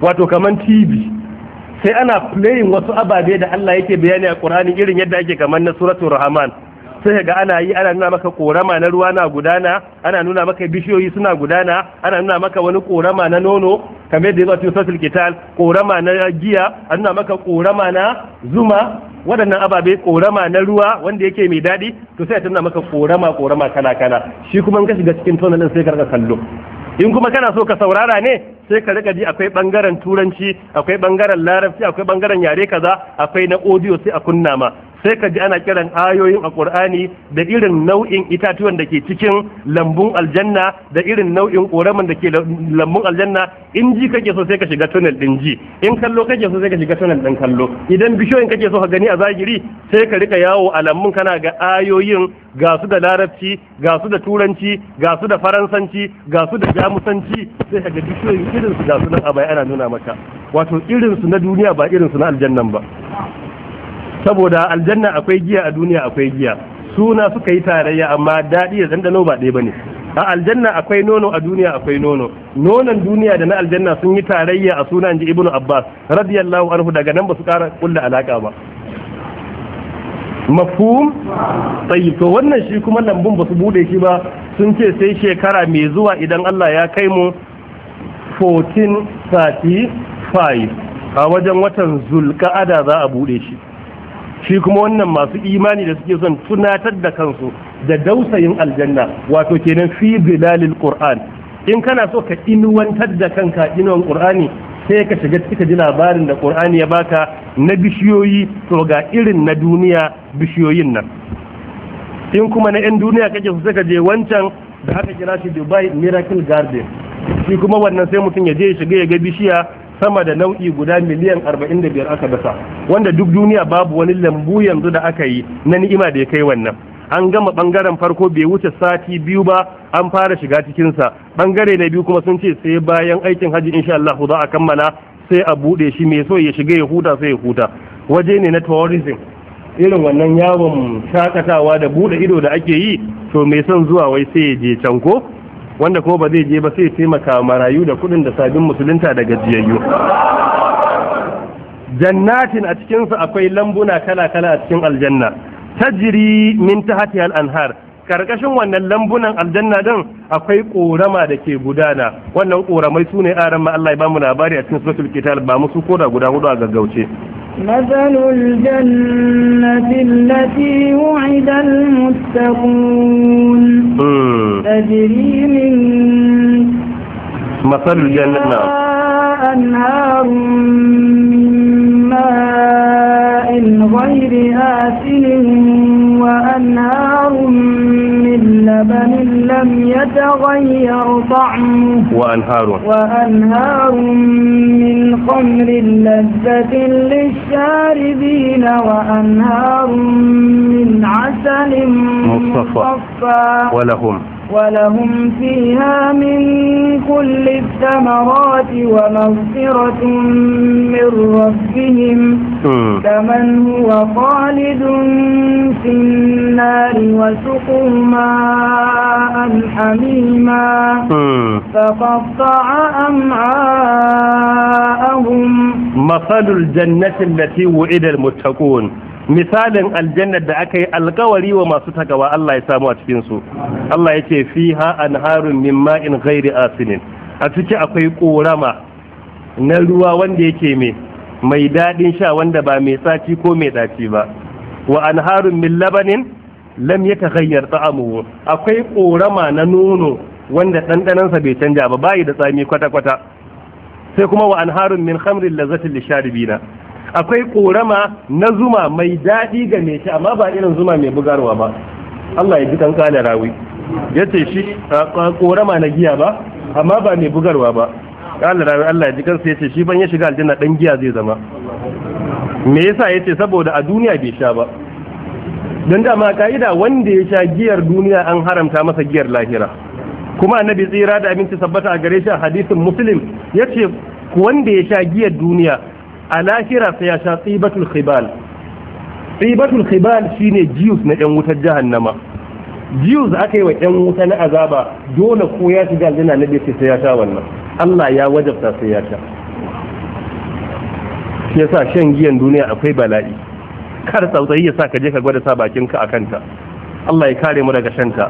wato kaman tv sai ana playing wasu ababe da Allah yake bayani a Qur'ani irin yadda ake kamar na suratul rahman sai ga ana yi ana nuna maka korama na ruwa na gudana ana nuna maka bishiyoyi suna gudana ana nuna maka wani korama na nono kamar da ya suratul qital korama na giya ana nuna maka korama na zuma waɗannan ababe ƙorama na ruwa wanda yake mai daɗi to sai ta nuna maka korama korama kala kala shi kuma in ka shiga cikin tonalin sai ka kallo in kuma kana so ka saurara ne sai ka rika ji akwai bangaren turanci akwai bangaren larabci akwai bangaren yare kaza akwai na audio sai a kunna ma sai ka ji ana kiran ayoyin a ƙur'ani da irin nau'in itatuwan da ke cikin lambun aljanna da irin nau'in ƙoraman da ke lambun aljanna in ji kake so sai ka shiga tunnel ɗin ji in kallo kake so sai ka shiga tunnel ɗin kallo idan bishiyoyin kake so ka gani a zagiri sai ka rika yawo a lambun kana ga ayoyin ga su da larabci ga su da turanci ga su da faransanci ga su da jamusanci sai ka ga bishiyoyin irin su ga su nan a ana nuna maka wato irin su na duniya ba irin su na aljannan ba saboda aljanna akwai giya a duniya akwai giya suna suka yi tarayya amma daɗi da dandano ba ɗaya bane a aljanna akwai nono a duniya akwai nono nonon duniya da na aljanna sun yi tarayya a sunan ji ibnu abbas radiyallahu anhu daga nan ba su ƙara kulla alaka ba mafhum tayyib to wannan shi kuma lambun ba su bude shi ba sun ce sai shekara mai zuwa idan Allah ya kai mu 1435 a wajen watan zulka'ada za a bude shi shi kuma wannan masu imani da suke son tunatar da kansu da dausayin aljanna wato kenan fi zilalil qur'an in kana so ka inuwantar da kanka inuwan qur'ani sai ka shiga cikin ji labarin da qur'ani ya baka na bishiyoyi to ga irin na duniya bishiyoyin nan in kuma na 'yan duniya kake su saka je wancan da aka kira shi dubai miracle garden shi kuma wannan sai mutum ya je ya shiga ya ga bishiya sama da nau'i guda miliyan 45 aka dasa wanda duk duniya babu wani lambu yanzu da aka yi na ni'ima da ya kai wannan an gama bangaren farko bai wuce sati biyu ba an fara shiga cikinsa bangare na biyu kuma sun ce sai bayan aikin hajji insha Allah za a kammala sai a bude shi mai so ya shiga ya huta sai ya huta waje ne na tourism irin wannan yawon shakatawa da bude ido da ake yi to mai son zuwa wai sai ya je can ko wanda ko ba zai je ba sai taimaka marayu da kudin da sabin musulunta da gajiyayyu jannatin a cikinsu akwai lambuna kala-kala a cikin aljanna tajiri min tahti al-anhar karkashin wannan lambunan aljanna din akwai korama da ke gudana wannan koramai sune aran ma Allah ya bamu labari a cikin suratul kitab ba musu koda guda hudu a gaggauce مثل الجنة التي وعد المتقون تجري من مثل الجنة نعم. أنهار من ماء غير آسن وأنهار من من لبن لم يتغير طعمه وأنهار وأنهار من خمر لذة للشاربين وأنهار من عسل مصفى ولهم ولهم فيها من كل الثمرات ومغفرة من ربهم كمن هو خالد في النار وسقوا ماء حميما فقطع أمعاءهم مثل الجنة التي وعد المتقون misalin aljannar da aka yi alkawari wa masu takawa Allah ya samu a cikin su Allah ya ce fiha harun min ma'in ghairi asinin a ciki akwai korama na ruwa wanda yake mai mai daɗin sha wanda ba mai tsaci ko mai ɗaci ba wa harun min labanin lam yataghayyar ta'amuhu akwai korama na nono wanda ɗanɗanansa bai canja ba bayi da tsami kwata-kwata sai kuma wa harun min khamrin lazzatin lisharibina akwai korama na zuma mai daɗi ga mai shi amma ba irin zuma mai bugarwa ba Allah ya ji kan kala rawi ya ce shi korama na giya ba amma ba mai bugarwa ba kala rawi Allah ya ji kansa ya ce shi ban ya shiga aljanna dan giya zai zama me yasa ya ce saboda a duniya bai sha ba don dama ka'ida wanda ya sha giyar duniya an haramta masa giyar lahira kuma annabi tsira da abinci sabbata a gare shi a hadisin muslim ya ce wanda ya sha giyar duniya a lahira sai ya sha tsibatul khibal tsibatul khibal shine jiyus na yan wutar jahannama jiyus aka yi wa yan wuta na azaba dole ko ya shiga aljanna na bai sai ya sha wannan Allah ya wajabta sai ya sha shi yasa shan giyan duniya akwai bala'i kar tsautsayi ya sa ka je ka gwada sa bakinka a kanta Allah ya kare mu daga shanta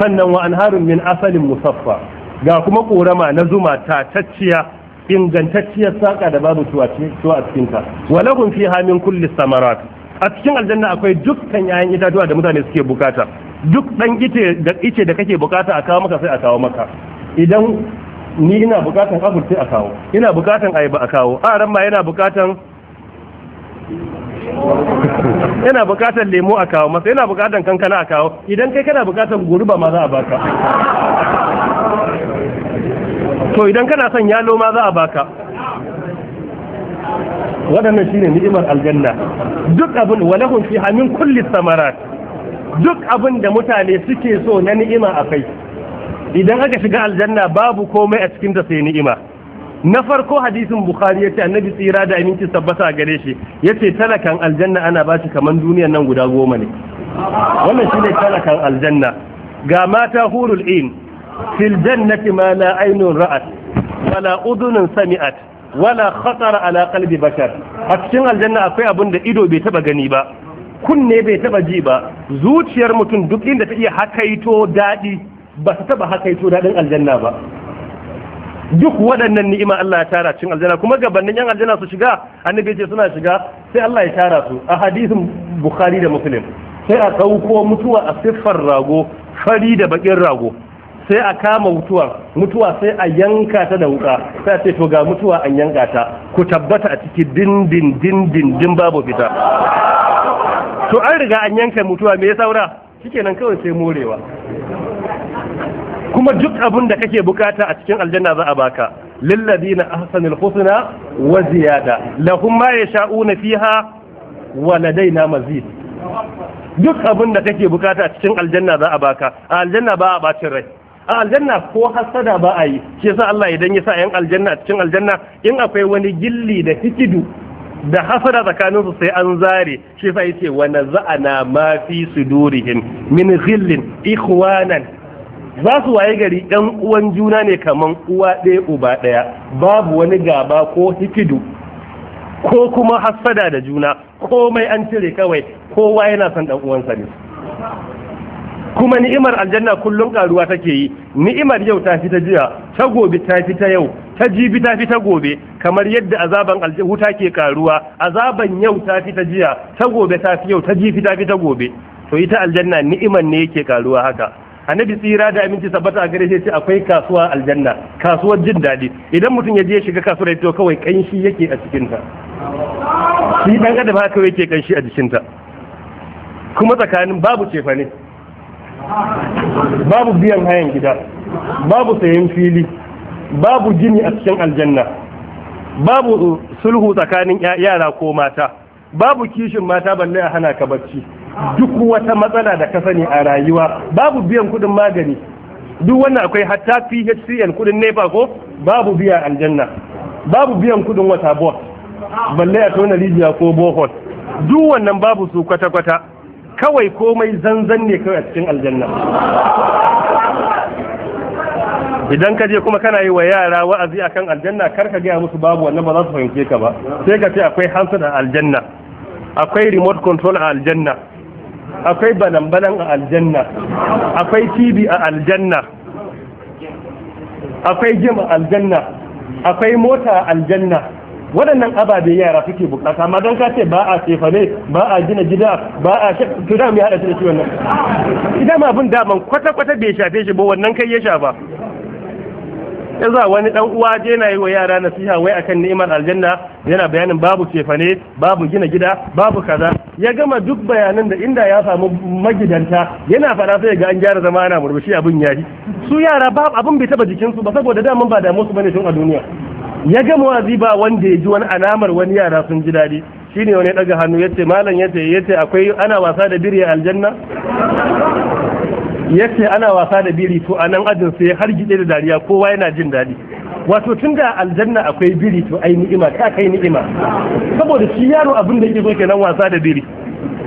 sannan wa anharun min asalin musaffa ga kuma korama na zuma tatacciya ingantacciyar saƙa da babu tuwa a cikinta walahun fi hamin kulli samarat a cikin aljanna akwai dukkan 'ya'yan itatuwa da mutane suke bukata duk ɗan ice da kake bukata a kawo maka sai a kawo maka idan ni ina bukatan apple sai a kawo ina bukatan ba a kawo a ran ma yana bukatan yana bukatan lemo a kawo masa yana bukatan kankana a kawo idan kai kana bukatan guruba ma za a baka to idan kana son yalo ma za a baka waɗannan shine ni'imar aljanna duk abin walahun fi hamin kulli samarat duk abin da mutane suke so na ni'ima akai idan aka shiga aljanna babu komai a cikin ta sai ni'ima na farko hadisin bukhari yace annabi tsira da aminci tabbata gare shi yace talakan aljanna ana ba shi kaman duniyar nan guda goma ne wannan shine talakan aljanna ga mata hurul in fil jannati ma la aynun ra'at wala uzunin sami'at wala khatara ala qalbi bashar a cikin aljanna akwai abin da ido bai taba gani ba kunne bai taba ji ba zuciyar mutum duk inda ta iya hakaito dadi ba ta taba hakaito dadin aljanna ba duk waɗannan ni'ima Allah ya tara cikin aljanna kuma gabanin yan aljanna su shiga annabi ce suna shiga sai Allah ya tara su a hadisin bukhari da muslim sai a dauko mutuwa a siffar rago fari da bakin rago sai a kama mutuwa mutuwa sai a yanka ta da wuka sai a ce to ga mutuwa an yanka ta ku tabbata a ciki dindin dindin din babu fita to an riga an yanka mutuwa me ya saura shikenan kawai sai morewa kuma duk abin da kake bukata a cikin aljanna za a baka lilladina ahsanul husna wa ziyada lahum ma yasha'una fiha wa ladaina mazid duk abin da kake bukata a cikin aljanna za a baka a aljanna ba a bacin rai a aljanna ko hasada ba a yi shi yasa Allah idan ya sa yan aljanna cikin aljanna in akwai wani gilli da hikidu da hasada tsakanin su sai an zare shi yasa yace wa naza'ana ma fi sudurihim min ghillin ikhwanan za su waye gari dan uwan juna ne kaman uwa ɗaya uba ɗaya babu wani gaba ko hikidu ko kuma hasada da juna komai an cire kawai kowa yana son ɗan uwansa ne kuma ni'imar aljanna kullum karuwa take yi ni'imar yau ta fi ta jiya ta gobe ta fi ta yau ta jibi ta fi ta gobe kamar yadda azaban wuta ke karuwa azaban yau ta fi ta jiya ta gobe ta fi yau ta jibi ta fi ta gobe to ita aljanna ni'imar ne yake karuwa haka annabi tsira da aminci sabbata a gare shi akwai kasuwa aljanna kasuwar jin daɗi idan mutum ya je shiga kasuwar ya kawai kanshi yake a cikinta shi dan adam haka yake kanshi a jikinta kuma tsakanin babu cefane. babu biyan hayan gida babu sayan fili babu jini a cikin aljanna babu sulhu tsakanin yara ko mata babu kishin mata balle a hana ka barci, duk wata matsala da ka sani a rayuwa babu biyan kudin magani duk wannan akwai hatta phcn kudin nepa ko babu biya aljanna babu biyan kudin wata bot balle a tona rijiya ko bohol duk wannan babu su kwata-kwata kawai komai zanzan ne kawai a cikin aljanna idan ka je kuma kana yi wa yara wa'azi akan aljanna kar ka gaya musu babu wannan ba za su fahimce ka ba sai ka ce akwai hansu a aljanna akwai remote control a aljanna akwai balambalan a aljanna akwai tv a aljanna akwai gym a aljanna akwai mota a aljanna waɗannan ababe yara suke bukata amma don ka ce ba a sefa ba a gina gida ba a to da mu ya hada shi da shi wannan idan ma da daman kwata kwata bai shafe shi ba wannan kai ya shafa ya za wani dan uwa je na yi wa yara nasiha wai akan ni'imar aljanna yana bayanin babu sefa ne babu gina gida babu kaza ya gama duk bayanan da inda ya samu magidanta yana fara sai ga an gyara zama ana murmushi abin yayi su yara ba abin bai taba su ba saboda daman ba damu su bane tun a duniya ya gama wazi ba wanda ya ji wani alamar wani yara sun ji daɗi shine wani daga hannu yace malam yace yace akwai ana wasa da biri a aljanna yace ana wasa da biri to anan ajin sai har gide da dariya kowa yana jin dadi wato tun da aljanna akwai biri to ai ni'ima ta kai ni'ima saboda shi yaro abin da yake so kenan wasa da biri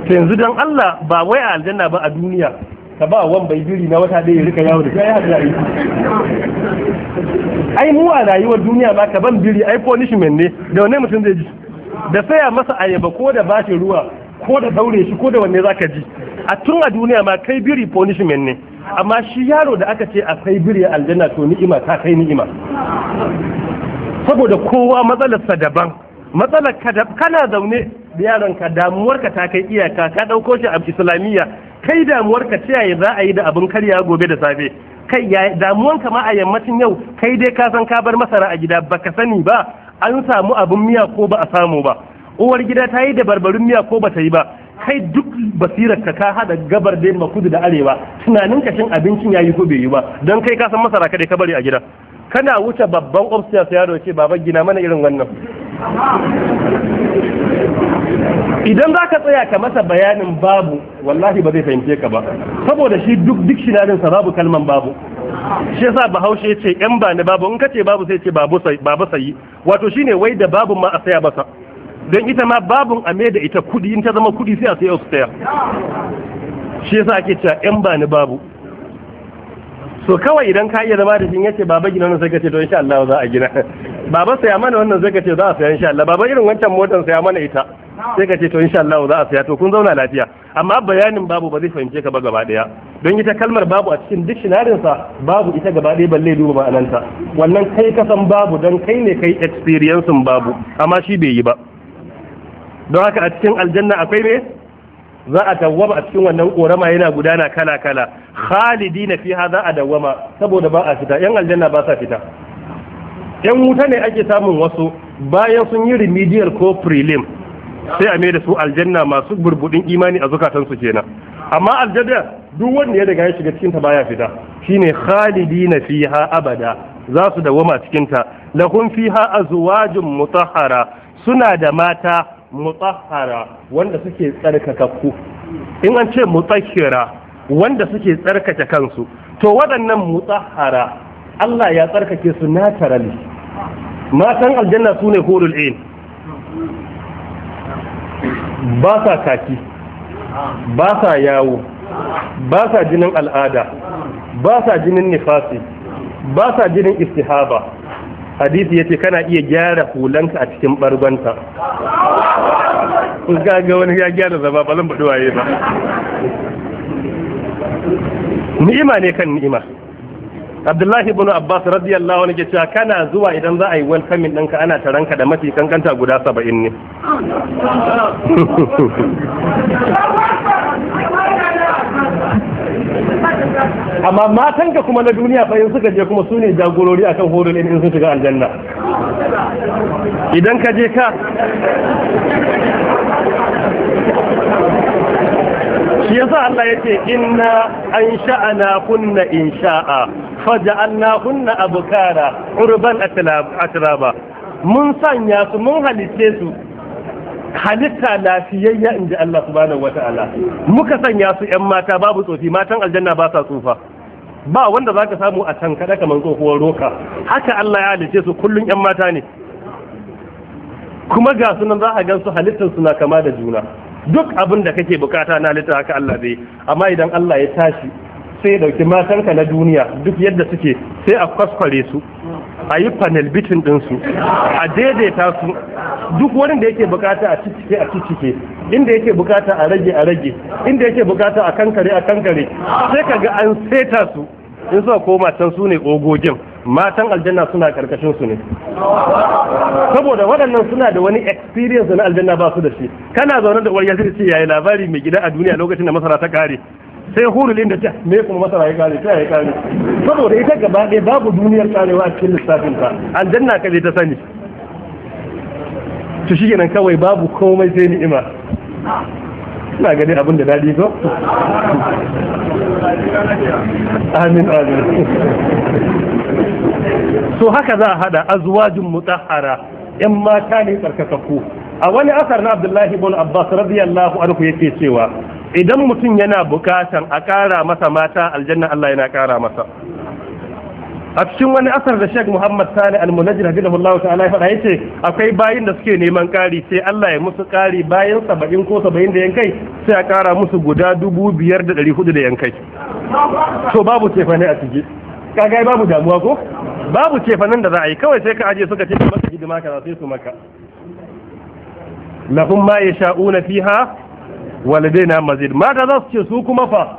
to yanzu dan Allah ba wai a aljanna ba a duniya ka ba wan bai biri na wata ɗaya rika yawo da ya har yi ai mu a rayuwar duniya ba ka ban biri ai punishment ne da wanne mutum zai ji da saya masa ayaba ko da bashi ruwa ko da daure shi ko da wanne zaka ji a tun a duniya ma kai biri punishment ne amma shi yaro da aka ce a kai biri aljanna to ni'ima ta kai ni'ima saboda kowa matsalarsa daban matsalar ka kana zaune da yaron ka damuwar ka ta kai iyaka ka dauko shi a islamiyya kai damuwarka ta yaya za a yi da abin karya gobe da safe kai damuwanka ma a yammacin yau kai dai ka san ka bar masara a gida baka sani ba an samu abin miya ko ba a samu ba uwar gida ta yi da barbarin miya ko ba ta yi ba kai duk basirar ka ka hada gabar da yamma kudu da arewa tunanin ka shin abincin yayi ko bai yi ba don kai ka san masara kada ka bari a gida kana wuce babban obstacles yaro ce baban gina mana irin wannan idan za ka tsaya ka masa bayanin babu wallahi ba zai fahimce ka ba saboda shi duk duk shinarinsa babu kalman babu shi yasa bahaushe ce yan ba ni babu in ka ce babu sai ce babu sayi wato shine wai da babu ma a saya masa don ita ma babun a da ita kudi in ta zama kudi sai a saya su saya shi yasa ake cewa yan ba ni babu to kawai idan ka iya zama da shi yace baba gina wannan sai to insha Allah za a gina baba saya mana wannan sai za a saya insha Allah baba irin wancan motar saya mana ita sai kace to insha Allah za a saya to kun zauna lafiya amma bayanin babu ba zai fahimce ka ba gaba daya don ita kalmar babu a cikin dictionary sa babu ita gaba daya balle duba ma'ananta wannan kai ka san babu dan kai ne kai experience babu amma shi bai yi ba don haka a cikin aljanna akwai ne za a tawwama a cikin wannan korama yana gudana kala kala khalidina fiha za a dawwama saboda ba a fita yan aljanna ba sa fita yan wuta ne ake samun wasu bayan sun yi remedial ko prelim sai a mai da su aljanna masu burbudin imani a su kenan amma aljanna duk wanda ya daga ya shiga cikin ta baya fita shine khalidina fiha abada za su dawama cikin ta lahum fiha azwajun mutahhara suna da mata mutahara wanda suke tsarkakakku in an ce mutahhira wanda suke tsarkake kansu to waɗannan mutahara Allah ya tsarkake su naturally matan aljanna su ne hurul ain ba sa kaki ba sa yawo ba sa jinin al'ada ba sa jinin nifasi ba sa jinin istihaba hadisi yace kana iya gyara hulanka a cikin bargonta ga ga wani ya gyara zama ba zan faɗi waye ba ni'ima ne kan ni'ima abdullahi ibn abbas radiyallahu anhu cewa kana zuwa idan za a yi welcoming ɗinka ana taranka da mafi kankanta guda 70 ne amma matan ka kuma na duniya fa in suka je kuma sune ne jagorori akan horo ne in sun shiga aljanna idan ka je ka shi yasa Allah yake inna an sha'ana kunna insha'a faja'alna kunna abukara urban atraba mun sanya su mun halice su halitta lafiyayya inji Allah subhanahu wata'ala muka sanya su ƴan mata babu tsofi matan aljanna ba sa tsufa ba wanda zaka samu a can kada kaman tsohuwar roka haka Allah ya halice su kullun ƴan mata ne kuma ga sunan za a gan su halittar suna kama da juna duk abin da kake bukata na halitta haka Allah zai amma idan Allah ya tashi sai ya dauki matanka na duniya duk yadda suke sai a kwaskware su a yi panel bitin ɗinsu a daidaita su duk wani yake bukata a cikike a cikike inda yake bukata a rage a rage inda yake bukata a kankare a kankare sai ka ga an seta su in suka koma can su ne ogogin matan aljanna suna karkashin su ne saboda waɗannan suna da wani experience na aljanna ba su da shi kana zaune da wani ya ce yayi labari mai gida a duniya lokacin da masara ta kare sai huru da ta me kuma masara ya kare ta ya kare saboda ita gaba ɗaya babu duniyar karewa a cikin lissafin ta aljanna ka ta sani to shi kawai babu komai sai ni'ima ina gani abin da daɗi ko amin amin so haka za a hada azwajin mutahara yan mata ne tsarkakakku a wani asar na abdullahi ibn abbas radiyallahu anhu yake cewa idan mutum yana bukatan a ƙara masa mata aljanna Allah yana ƙara masa a cikin wani asar da Sheikh Muhammad Sani Al-Munajjir hafizahullah ta'ala ya faɗa yace akwai bayin da suke neman ƙari sai Allah ya musu ƙari bayan 70 ko 70 da yankai sai a ƙara musu guda 5400 da yankai to babu cefane a ciki kaga babu damuwa ko babu cefanen da za a yi kawai sai ka aje suka ce maka hidima ka sai su maka lahum ma yasha'una fiha waladaina mazid mata za su ce su kuma fa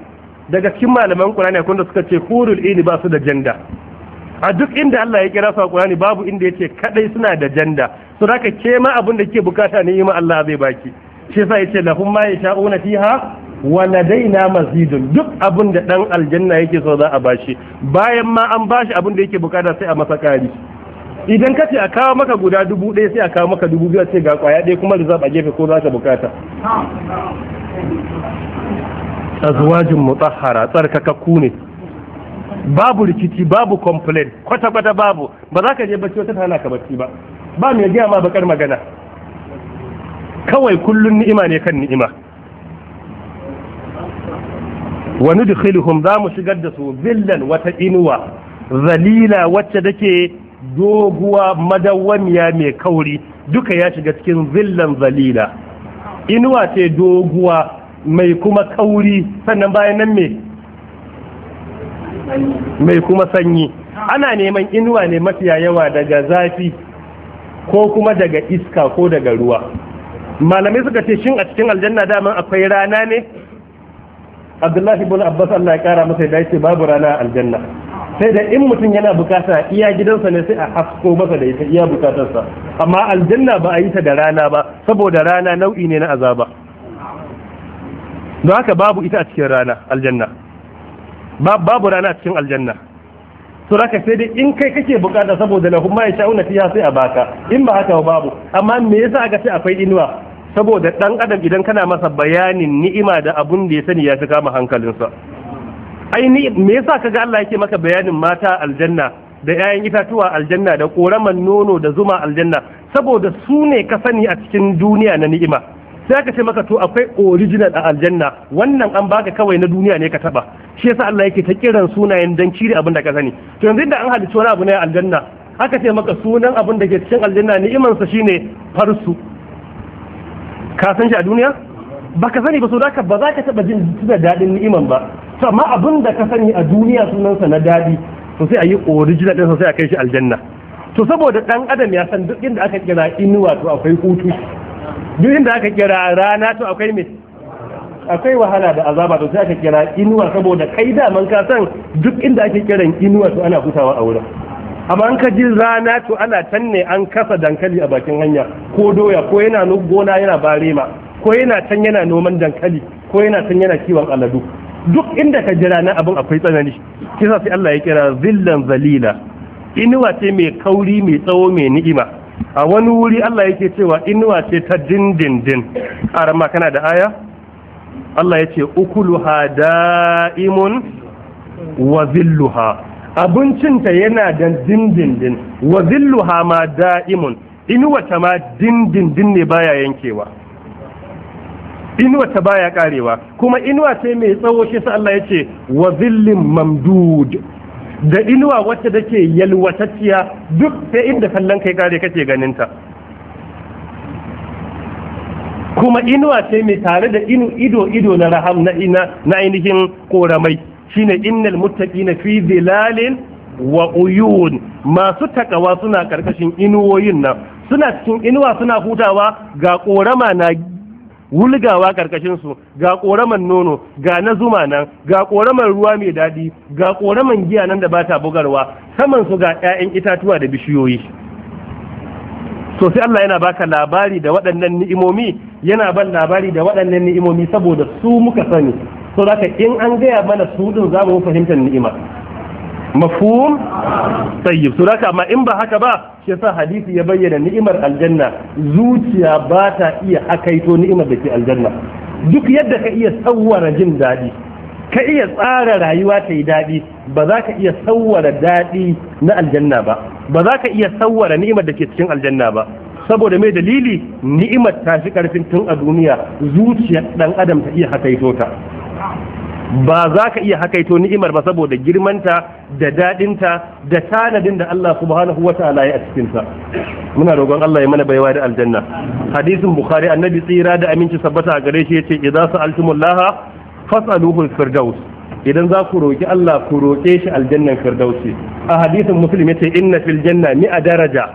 daga cikin malaman Qur'ani akwai wanda suka ce hurul ini ba su da janda a duk inda Allah ya kira su a Qur'ani babu inda yace kadai suna da janda so haka ke ma abin da kike bukata ne ma Allah zai baki shi yasa yace lahum ma yasha'una fiha wa na duk abin da dan aljanna yake so za a bashi bayan ma an bashi abin da yake bukata sai a masa kari idan ka ce a kawo maka guda dubu ɗaya sai a kawo maka dubu biyu ce ga kwaya ɗaya kuma rizab a gefe ko za ka bukata mutahara tsarka kakku ne babu rikici babu complain kwata-kwata babu ba za ka je bacci wata tana ka bacci ba ba mai gaya ma bakar magana kawai kullun ni'ima ne kan ni'ima wa nudkhiluhum za mu shigar da su zillan wata inuwa zalila wacce take doguwa madawwamiya mai kauri duka ya shiga cikin zillan zalila inuwa ce doguwa mai kuma kauri sannan bayan nan me mai kuma sanyi ana neman inuwa ne mafiya yawa daga zafi ko kuma daga iska ko daga ruwa malamai suka ce shin a cikin aljanna daman akwai rana ne abdullahi ibn abbas Allah ya kara masa ya dace babu rana aljanna sai da in mutum yana bukata iya gidansa ne sai a hasko masa da ita iya bukatarsa amma aljanna ba a yi ta da rana ba saboda rana nau'i ne na azaba don haka babu ita a cikin rana aljanna babu rana a cikin aljanna to haka sai dai in kai kake bukata saboda lahum ma yasha'una fiha sai a baka in ba haka babu amma me yasa aka ce akwai inuwa saboda dan adam idan kana masa bayanin ni'ima da abun da ya sani ya fi kama hankalinsa aini me yasa kaga Allah yake maka bayanin mata aljanna da 'ya'yan itatuwa aljanna da koraman nono da zuma aljanna saboda su ne ka sani a cikin duniya na ni'ima sai aka ce maka to akwai original a aljanna wannan an baka kawai na duniya ne ka taba shi yasa Allah yake ta kiran sunayen dan cire abin da ka sani to yanzu da an halicci wani abu ne aljanna aka ce maka sunan abin da ke cikin aljanna ni'iman sa shine farsu ka san shi a duniya baka sani ba so da ba za ka taba jin da dadin ni'iman ba sama abin da ka sani a duniya sunansa na daɗi to sai a yi original ɗinsa sai a kai shi aljanna to saboda ɗan adam ya san duk inda aka kira inuwa to akwai hutu duk inda aka kira rana to akwai mai akwai wahala da azaba to sai aka kira inuwa saboda kai daman ka san duk inda ake kiran inuwa to ana kusawa a wurin amma an ka ji rana to ana can ne an kasa dankali a bakin hanya ko doya ko yana gona yana barema ko yana can yana noman dankali ko yana can yana kiwon aladu duk inda ka jira na abin akwai tsanani kisa sai Allah ya kira zillan zalila inuwa ce mai kauri mai tsawo mai ni'ima a wani wuri Allah yake cewa inuwa ce ta dindindin a rama kana da aya Allah ya ce ukuluha da'imun wa zilluha abincinta yana da dindindin wa zilluha ma da'imun inuwa ta ma dindindin ne baya yankewa inuwa ta baya karewa kuma inuwa sai mai tsawo shi sa Allah yace wa zillin mamdud da inuwa wacce take yalwatacciya duk sai inda kallon kai kare kake ganin ta kuma inuwa sai mai tare da inu ido ido na raham na ina na ainihin koramai shine innal muttaqina fi zilalin wa uyun masu takawa suna karkashin inuwoyin nan suna cikin inuwa suna hutawa ga korama na wulgawa karkashin su ga koraman nono ga na zuma nan ga koraman ruwa mai daɗi ga koraman giya nan da ba ta bugarwa saman su ga 'ya'yan itatuwa da bishiyoyi so sai Allah yana baka labari da waɗannan ni'imomi yana ban labari da waɗannan ni'imomi saboda su muka sani so zaka in an gaya mana su din za mu fahimtar ni'ima mafhum tayyib so haka amma in ba haka ba shi sa hadisi ya bayyana ni'imar aljanna zuciya ba ta iya hakaito ni'imar da ke aljanna duk yadda ka iya tsawara jin daɗi ka iya tsara rayuwa ta yi daɗi ba za ka iya tsawara daɗi na aljanna ba ba za ka iya tsawara ni'imar da ke cikin aljanna ba saboda mai dalili ni'imar ta fi karfin tun a duniya zuciyar ɗan adam ta iya hakaito ta ba za ka iya hakaito ni'imar ba saboda girmanta da daɗinta da tanadin da Allah subhanahu wa ta'ala ya a sa muna rogon Allah ya mana baiwa da aljanna hadisin bukhari annabi tsira da aminci sabbata a gare shi yace idza sa'altumullaha fas'aluhu firdaus idan za ku roki Allah ku roke shi aljannan firdausi a hadisin muslim yace inna fil janna mi'a daraja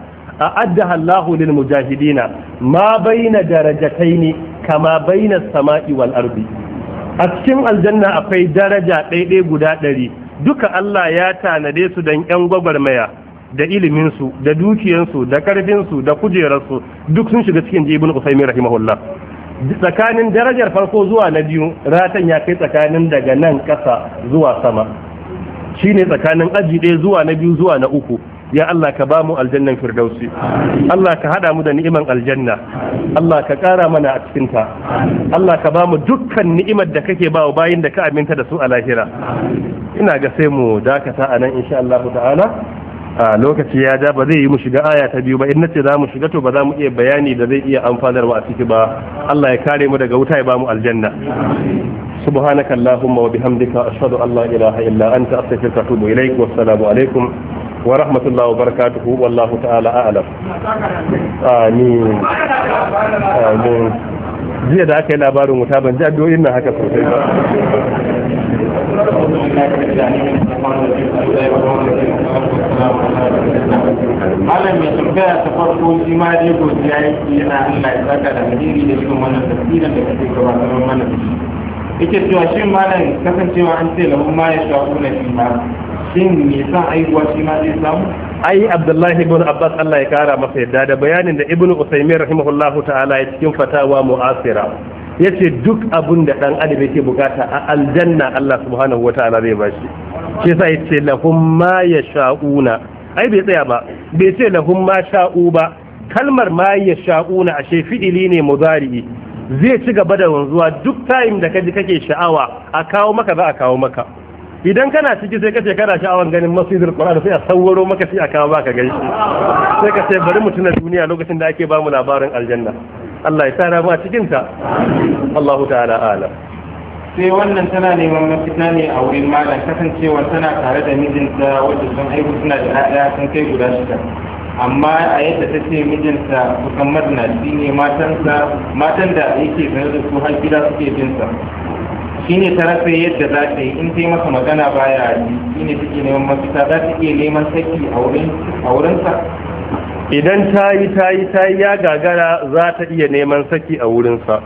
a adda Allahu lil mujahidina ma baina darajataini kama baina samai wal ardi a cikin aljanna akwai daraja ɗaiɗai guda ɗari duka Allah ya tanade su don 'yan gwagwarmaya da iliminsu da dukiyansu da ƙarfinsu da kujerarsu duk sun shiga cikin jibin usaimin rahimahullah tsakanin darajar farko zuwa na biyu ratan ya kai tsakanin daga nan ƙasa zuwa sama shine tsakanin aji ɗaya zuwa na biyu zuwa na uku ya Allah ka ba mu aljannan firdausi Allah ka hada mu da ni'iman aljanna Allah ka kara mana a cikin ta Allah ka ba mu dukkan ni'imar da kake ba bayin da ka aminta da su a lahira ina ga sai mu dakata a nan insha Allah ta'ala a lokaci ya ja ba zai yi mu shiga aya ta biyu ba in nace za mu shiga to ba za mu iya bayani da zai iya amfanarwa a ciki ba Allah ya kare mu daga wuta ya ba mu aljanna subhanakallahumma wa bihamdika ashhadu an la ilaha illa anta astaghfiruka wa atubu ilaik wa alaikum wa rahmatullahi wa barakatuhu wallahu ta'ala a'lam amin amin jiya da aka yi labarin wuta ban ji addu'o'in nan haka sosai ba malam mai tambaya ta farko shi ma dai godiya yake yana Allah ya saka da alheri da cikin wannan tafsirin da kake gabatar mana da cewa shi malam kasancewa an ce lahu ma ya shafu na shi ma ai abdullahi ibn abbas Allah ya kara masa yadda da bayanin da ibnu usaymin rahimahullahu ta'ala ya cikin fatawa mu'asira yace duk abun da dan adam yake bukata a aljanna Allah subhanahu wata'ala zai bashi shi yasa yace lahum ma yasha'una ai bai tsaya ba bai ce lahum ma sha'u ba kalmar ma yasha'una ashe fi'ili ne muzari zai ci gaba da wanzuwa duk time da kaji kake sha'awa a kawo maka za a kawo maka idan kana ciki sai kace kana sha'awan ganin masjidul qur'an sai a sauraro maka sai a kawo baka gani sai ka ce bari mutuna duniya lokacin da ake ba mu labarin aljanna Allah ya tsara mu a cikin ta Allahu ta'ala alam sai wannan tana neman mafita ne a wurin malam kasancewa tana tare da mijinta wajen sun haihu suna da 'ya'ya sun kai guda shida amma a yadda ta ce mijinta kusan shi ne matan da yake zanen da su har gida suke jinsa Shi ne ta rasa yadda za ta yi in ta yi masa magana baya ji shine take neman mafita za ta iya neman saki a wurinsa idan ta yi ta yi ta yi ya gagara za ta iya neman saki a wurinsa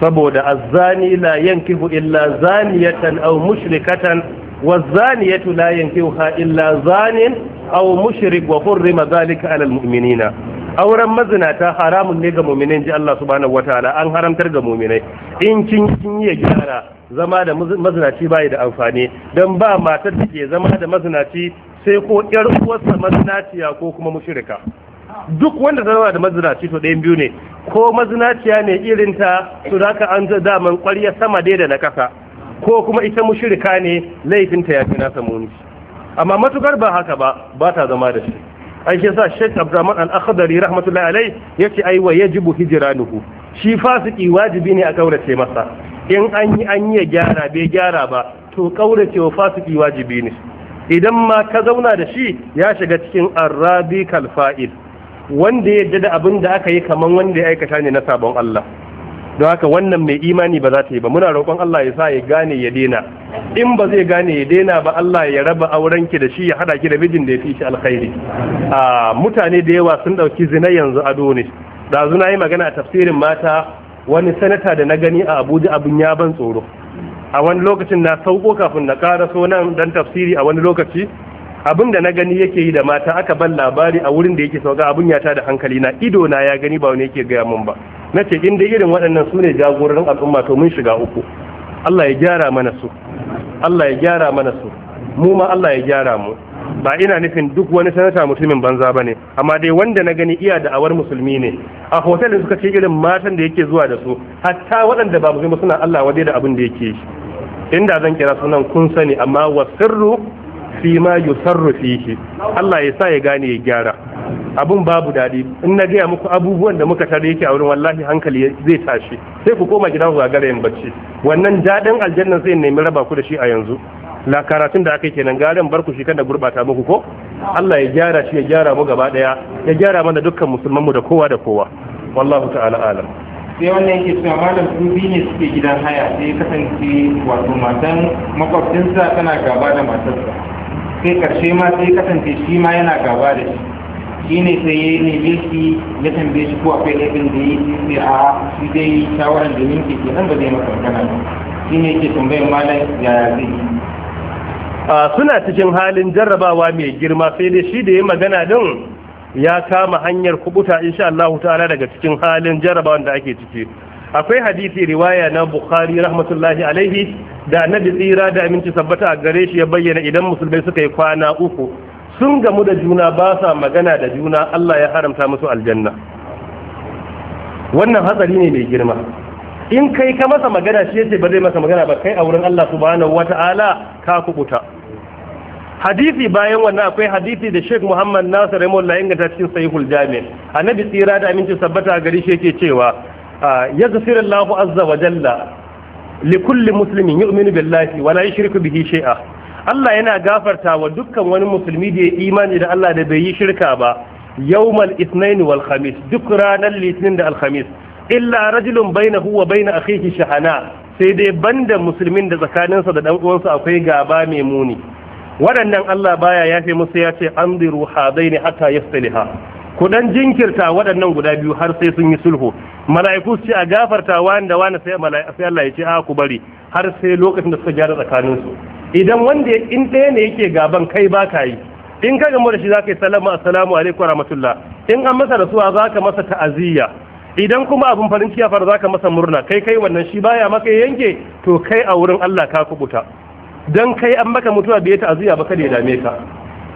saboda azzani la yankihu illa zaniyatan aw mushrikatan wa wazaniyatu la yankihuha illa zanin aw mushrik wa hurrima dhalika ala almu'minina auren mazinata haramun ne ga mu'minai ji Allah subhanahu wataala an haramtar ga mu'minai in kin kin ya gyara zama da mazinaci bai da amfani dan ba matar da ke zama da mazinaci sai ko yar uwarsa mazinaciya ko kuma mushrika duk wanda ta zama da mazinaci to ɗayan biyu ne ko mazinaciya ne irin ta to zaka an da daman ƙwarya sama dai da na kasa ko kuma ita mushirika ne laifinta ya fi nasa muni amma matukar ba haka ba ba ta zama da shi ai shi yasa Sheikh Abdurrahman Al-Akhdari rahmatullahi alai yace ai wa yajibu hijranuhu shi fasiki wajibi ne a kaurace masa in an yi an yi gyara bai gyara ba to kaurace wa fasiki wajibi ne idan ma ka zauna da shi ya shiga cikin arrabi kalfa'il wanda ya da abin da aka yi kaman wanda ya aikata ne na sabon Allah don haka wannan mai imani ba za ta yi ba muna roƙon Allah ya sa ya gane ya dena in ba zai gane ya dena ba Allah ya raba auren ki da shi ya hada ki da mijin da ya fi shi alkhairi a mutane da yawa sun dauki zina yanzu a ne da zuna yi magana a tafsirin mata wani sanata da na gani a Abuja abin ya ban tsoro a wani lokacin na sauko kafin na ƙara so nan dan tafsiri a wani lokaci abin da na gani yake yi da mata aka ban labari a wurin da yake sauka abin ya ta da hankali na ido na ya gani ba wani yake gaya mun ba na ce inda irin waɗannan su ne jagororin al'umma to mun shiga uku Allah ya gyara mana su Allah ya gyara mana su mu ma Allah ya gyara mu ba ina nufin duk wani sanata mutumin banza bane amma dai wanda na gani iya da awar musulmi ne a hotel suka ce irin matan da yake zuwa da su hatta waɗanda ba musulmi suna Allah wadai da abin da yake shi inda zan kira sunan kun sani amma wasirru fi ma yusarru fihi Allah ya sa ya gane ya gyara abun babu dadi in na gaya muku abubuwan da muka tare yake a wurin wallahi hankali zai tashi sai ku koma gida ku gare yin bacci wannan dadin aljanna zai nemi raba ku da shi a yanzu la karatun da aka yi kenan garin barku shi kan da gurbata muku ko Allah ya gyara shi ya gyara mu gaba daya ya gyara mana dukkan musulman mu da kowa da kowa wallahu ta'ala alam sai wannan yake cewa malam sun bi ne suke gidan haya sai kasance wato matan makwabcinsa tana gaba da matarsa sai karshe ma sai kasance shi ma yana gaba da shi shi ne sai ya neme shi ya tambaye shi ko akwai laifin da ya yi sai a shi dai shawaran da ninke ke nan ba zai maka magana ba shi ne ke tambayar malam yaya zai yi suna cikin halin jarrabawa mai girma sai dai shi da ya magana din ya kama hanyar kubuta insha Allah ta'ala daga cikin halin jarrabawan da ake ciki akwai hadisi riwaya na bukhari rahmatullahi alaihi da annabi tsira da aminci sabbata a gare shi ya bayyana idan musulmai suka yi kwana uku sun gamu da juna ba sa magana da juna Allah ya haramta musu aljanna wannan hatsari ne mai girma in kai ka masa magana shi yace ba zai masa magana ba kai a wurin Allah subhanahu wata'ala ka kubuta hadisi bayan wannan akwai hadisi da Sheikh Muhammad Nasir Rahimahullah inganta cikin Sahihul Jami' annabi tsira da aminci sabbata a gare shi yake cewa يغفر الله azza wa jalla li kulli بالله ولا يشرك به شيئا الله bihi shai'a. Allah yana gafarta wa dukkan wani musulmi da ya imani da Allah da bai yi shirka ba yawmal ithnain wal khamis duk ranar litinin da al khamis illa rajulun bainahu wa bain akhihi shahana sai dai banda musulmin da tsakaninsa da dan uwansa akwai gaba mai muni waɗannan Allah baya yafe musu ya ce anziru hadaini hatta yastaliha ku dan jinkirta waɗannan guda biyu har sai sun yi sulhu mala'iku su ce a gafarta wanda da wani sai sai Allah ya ce a ku bari har sai lokacin da suka gyara tsakanin su idan wanda in ɗaya ne yake gaban kai ba ka yi in ka gamu da shi zaka yi salama assalamu alaikum wa rahmatullah in an masa rasuwa zaka masa ta'aziyya idan kuma abin farin ciki ya faru zaka masa murna kai kai wannan shi baya maka yanke to kai a wurin Allah ka kubuta dan kai an maka mutuwa bai ta'aziyya ba kada ya dame ka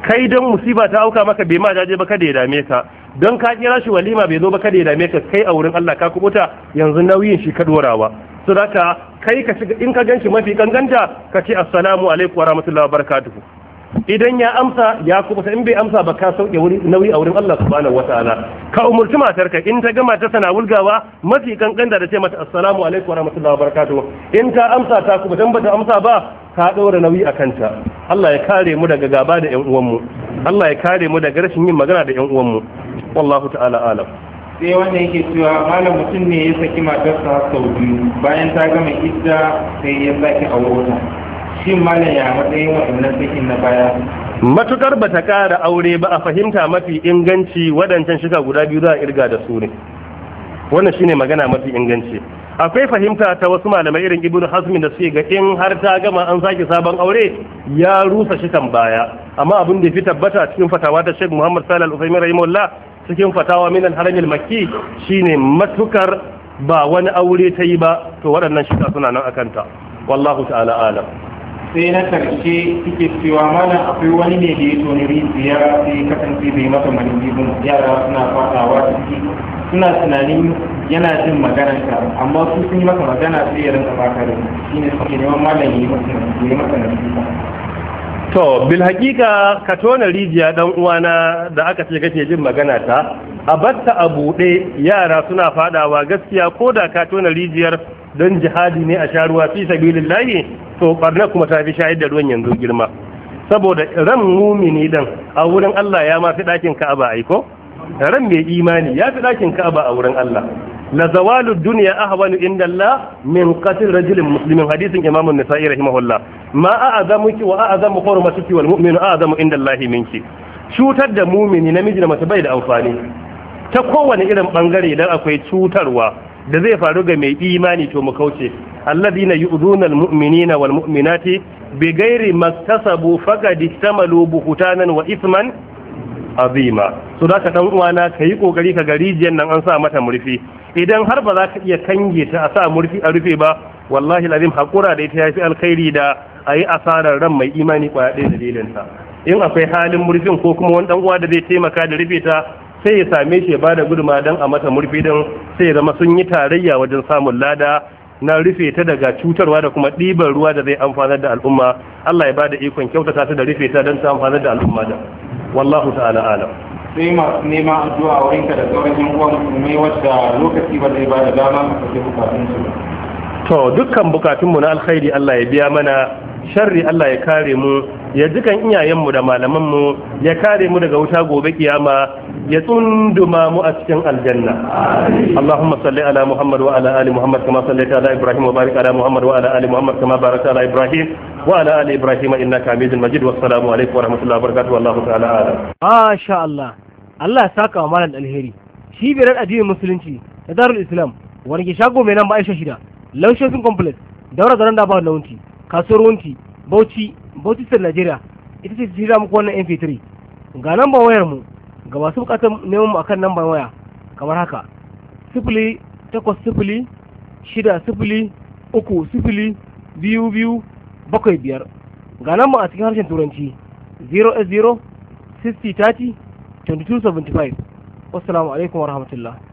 kai don musiba ta auka maka bai ma jaje ba kada ya dame ka don ka kira shi walima bai zo ba kada ya dame ka kai a wurin Allah ka kubuta yanzu nauyin shi ka dorawa so da ka kai ka shiga in ka ganshi mafi kanganta ka ce assalamu alaikum wa rahmatullahi wa barakatuhu idan ya amsa ya kubuta in bai amsa ba ka sauke wuri nauyi a wurin Allah subhanahu wataala ka umurci matarka in ta gama ta sana wulgawa mafi kankan da ce mata assalamu alaikum wa barakatuh in ta amsa ta kubuta ba bata amsa ba ka ɗora nauyi a kanta Allah ya kare mu daga gaba da ƴan uwanmu Allah ya kare mu daga rashin yin magana da ƴan uwanmu wallahu ta'ala alam sai wanda yake cewa malam mutum ne ya saki matarsa sau biyu bayan ta gama idda sai ya sake aure ya matsayin waɗannan bikin na baya matukar ba ta ƙara aure ba a fahimta mafi inganci waɗancan shiga guda biyu za a irga da su ne wannan shine magana mafi inganci akwai fahimta ta wasu malamai irin ibnu hazmi da suke ga in har ta gama an sake sabon aure ya rusa shikan baya amma abin da fi tabbata cikin fatawa ta Sheikh Muhammad Salih Al-Uthaymeen rahimahullah cikin fatawa min al-Haram al-Makki shine matukar ba wani aure ta yi ba to waɗannan shiga suna nan akanta wallahu ta'ala alam sai na karshe suke cewa mana akwai wani ne da ya ya rasu ya kasance bai masa manubibin yara suna fadawa ciki suna tunanin yana jin maganarka amma su sun yi maka magana sai ya rinka baka da shi ne suke neman malam yi masa manubibin to bil hakika ka tona rijiya dan uwana da aka ce kake jin magana ta a batta a buɗe yara suna fadawa gaskiya ko da ka tona rijiyar don jihadi ne a ruwa fi sabilillahi to barna kuma ta fi shayar da ruwan yanzu girma saboda ran mumini dan a wurin Allah ya ma fi dakin Ka'aba ai ko ran mai imani ya fi dakin Ka'aba a wurin Allah la zawalu dunya ahwanu inda Allah min qatl rajulin muslimin hadisin Imam an-Nasa'i rahimahullah ma a'azamuki wa a'azamu hurmatuki wal mu'minu a'azamu inda Allah minki cutar da mumini namiji da mace bai da amfani ta kowane irin bangare idan akwai cutarwa da zai faru ga mai imani to mu kauce alladhina yu'dhuna almu'minina walmu'minati bighairi maktasabu faqad istamalu buhtanan wa ithman azima so da ka dan uwana kai kokari ka gari jiyan nan an sa mata murfi idan har ba za ka iya kange ta a sa murfi a rufe ba wallahi lazim hakura da ita ya fi alkhairi da ayi asarar ran mai imani kwaya ɗaya dalilin sa in akwai halin murfin ko kuma wani dan uwa da zai taimaka da rufe ta sai ya same shi ya bada guduma dan a mata murfi din sai ya zama sun yi tarayya wajen samun lada na rufe ta daga cutarwa da kuma ɗiban ruwa da zai amfanar da al'umma Allah ya bada ikon kyauta ta da rufe ta don ta amfanar da al'umma da wallahu ta'ala alam sai masu neman addu'a a wurinka da sauran yan uwan musulmai wadda lokaci ba zai bada dama ka kashe bukatun su to dukkan bukatunmu na alkhairi Allah ya biya mana sharri Allah ya kare mu ya jikan iyayenmu da malamanmu ya kare mu daga wuta gobe kiyama ya tsunduma mu a cikin aljanna Allahumma salli ala Muhammad wa ala ali Muhammad kama sallaita ala Ibrahim wa barik ala Muhammad wa ala ali Muhammad kama barakta ala Ibrahim wa ala ali Ibrahim innaka Hamidul Majid assalamu alaikum wa rahmatullahi wa barakatuh wallahu ta'ala a'lam Masha Allah Allah ya saka wa malam alheri cibiyar addinin musulunci da darul islam wani ke shago mai nan ba aisha shida laushin sun complex daura zaren da ba launci kasuwar wunti bauchi Bautista Najeriya ita ce jira muku wannan MP3 ga lambar wayar mu ga masu bukatar neman mu akan lambar waya kamar haka sifili takwas sifili shida sifili uku sifili biyu biyu bakwai biyar ga lambar a cikin harshen turanci 0 0 60 30 22, 75 wasu alaikum warahmatullahi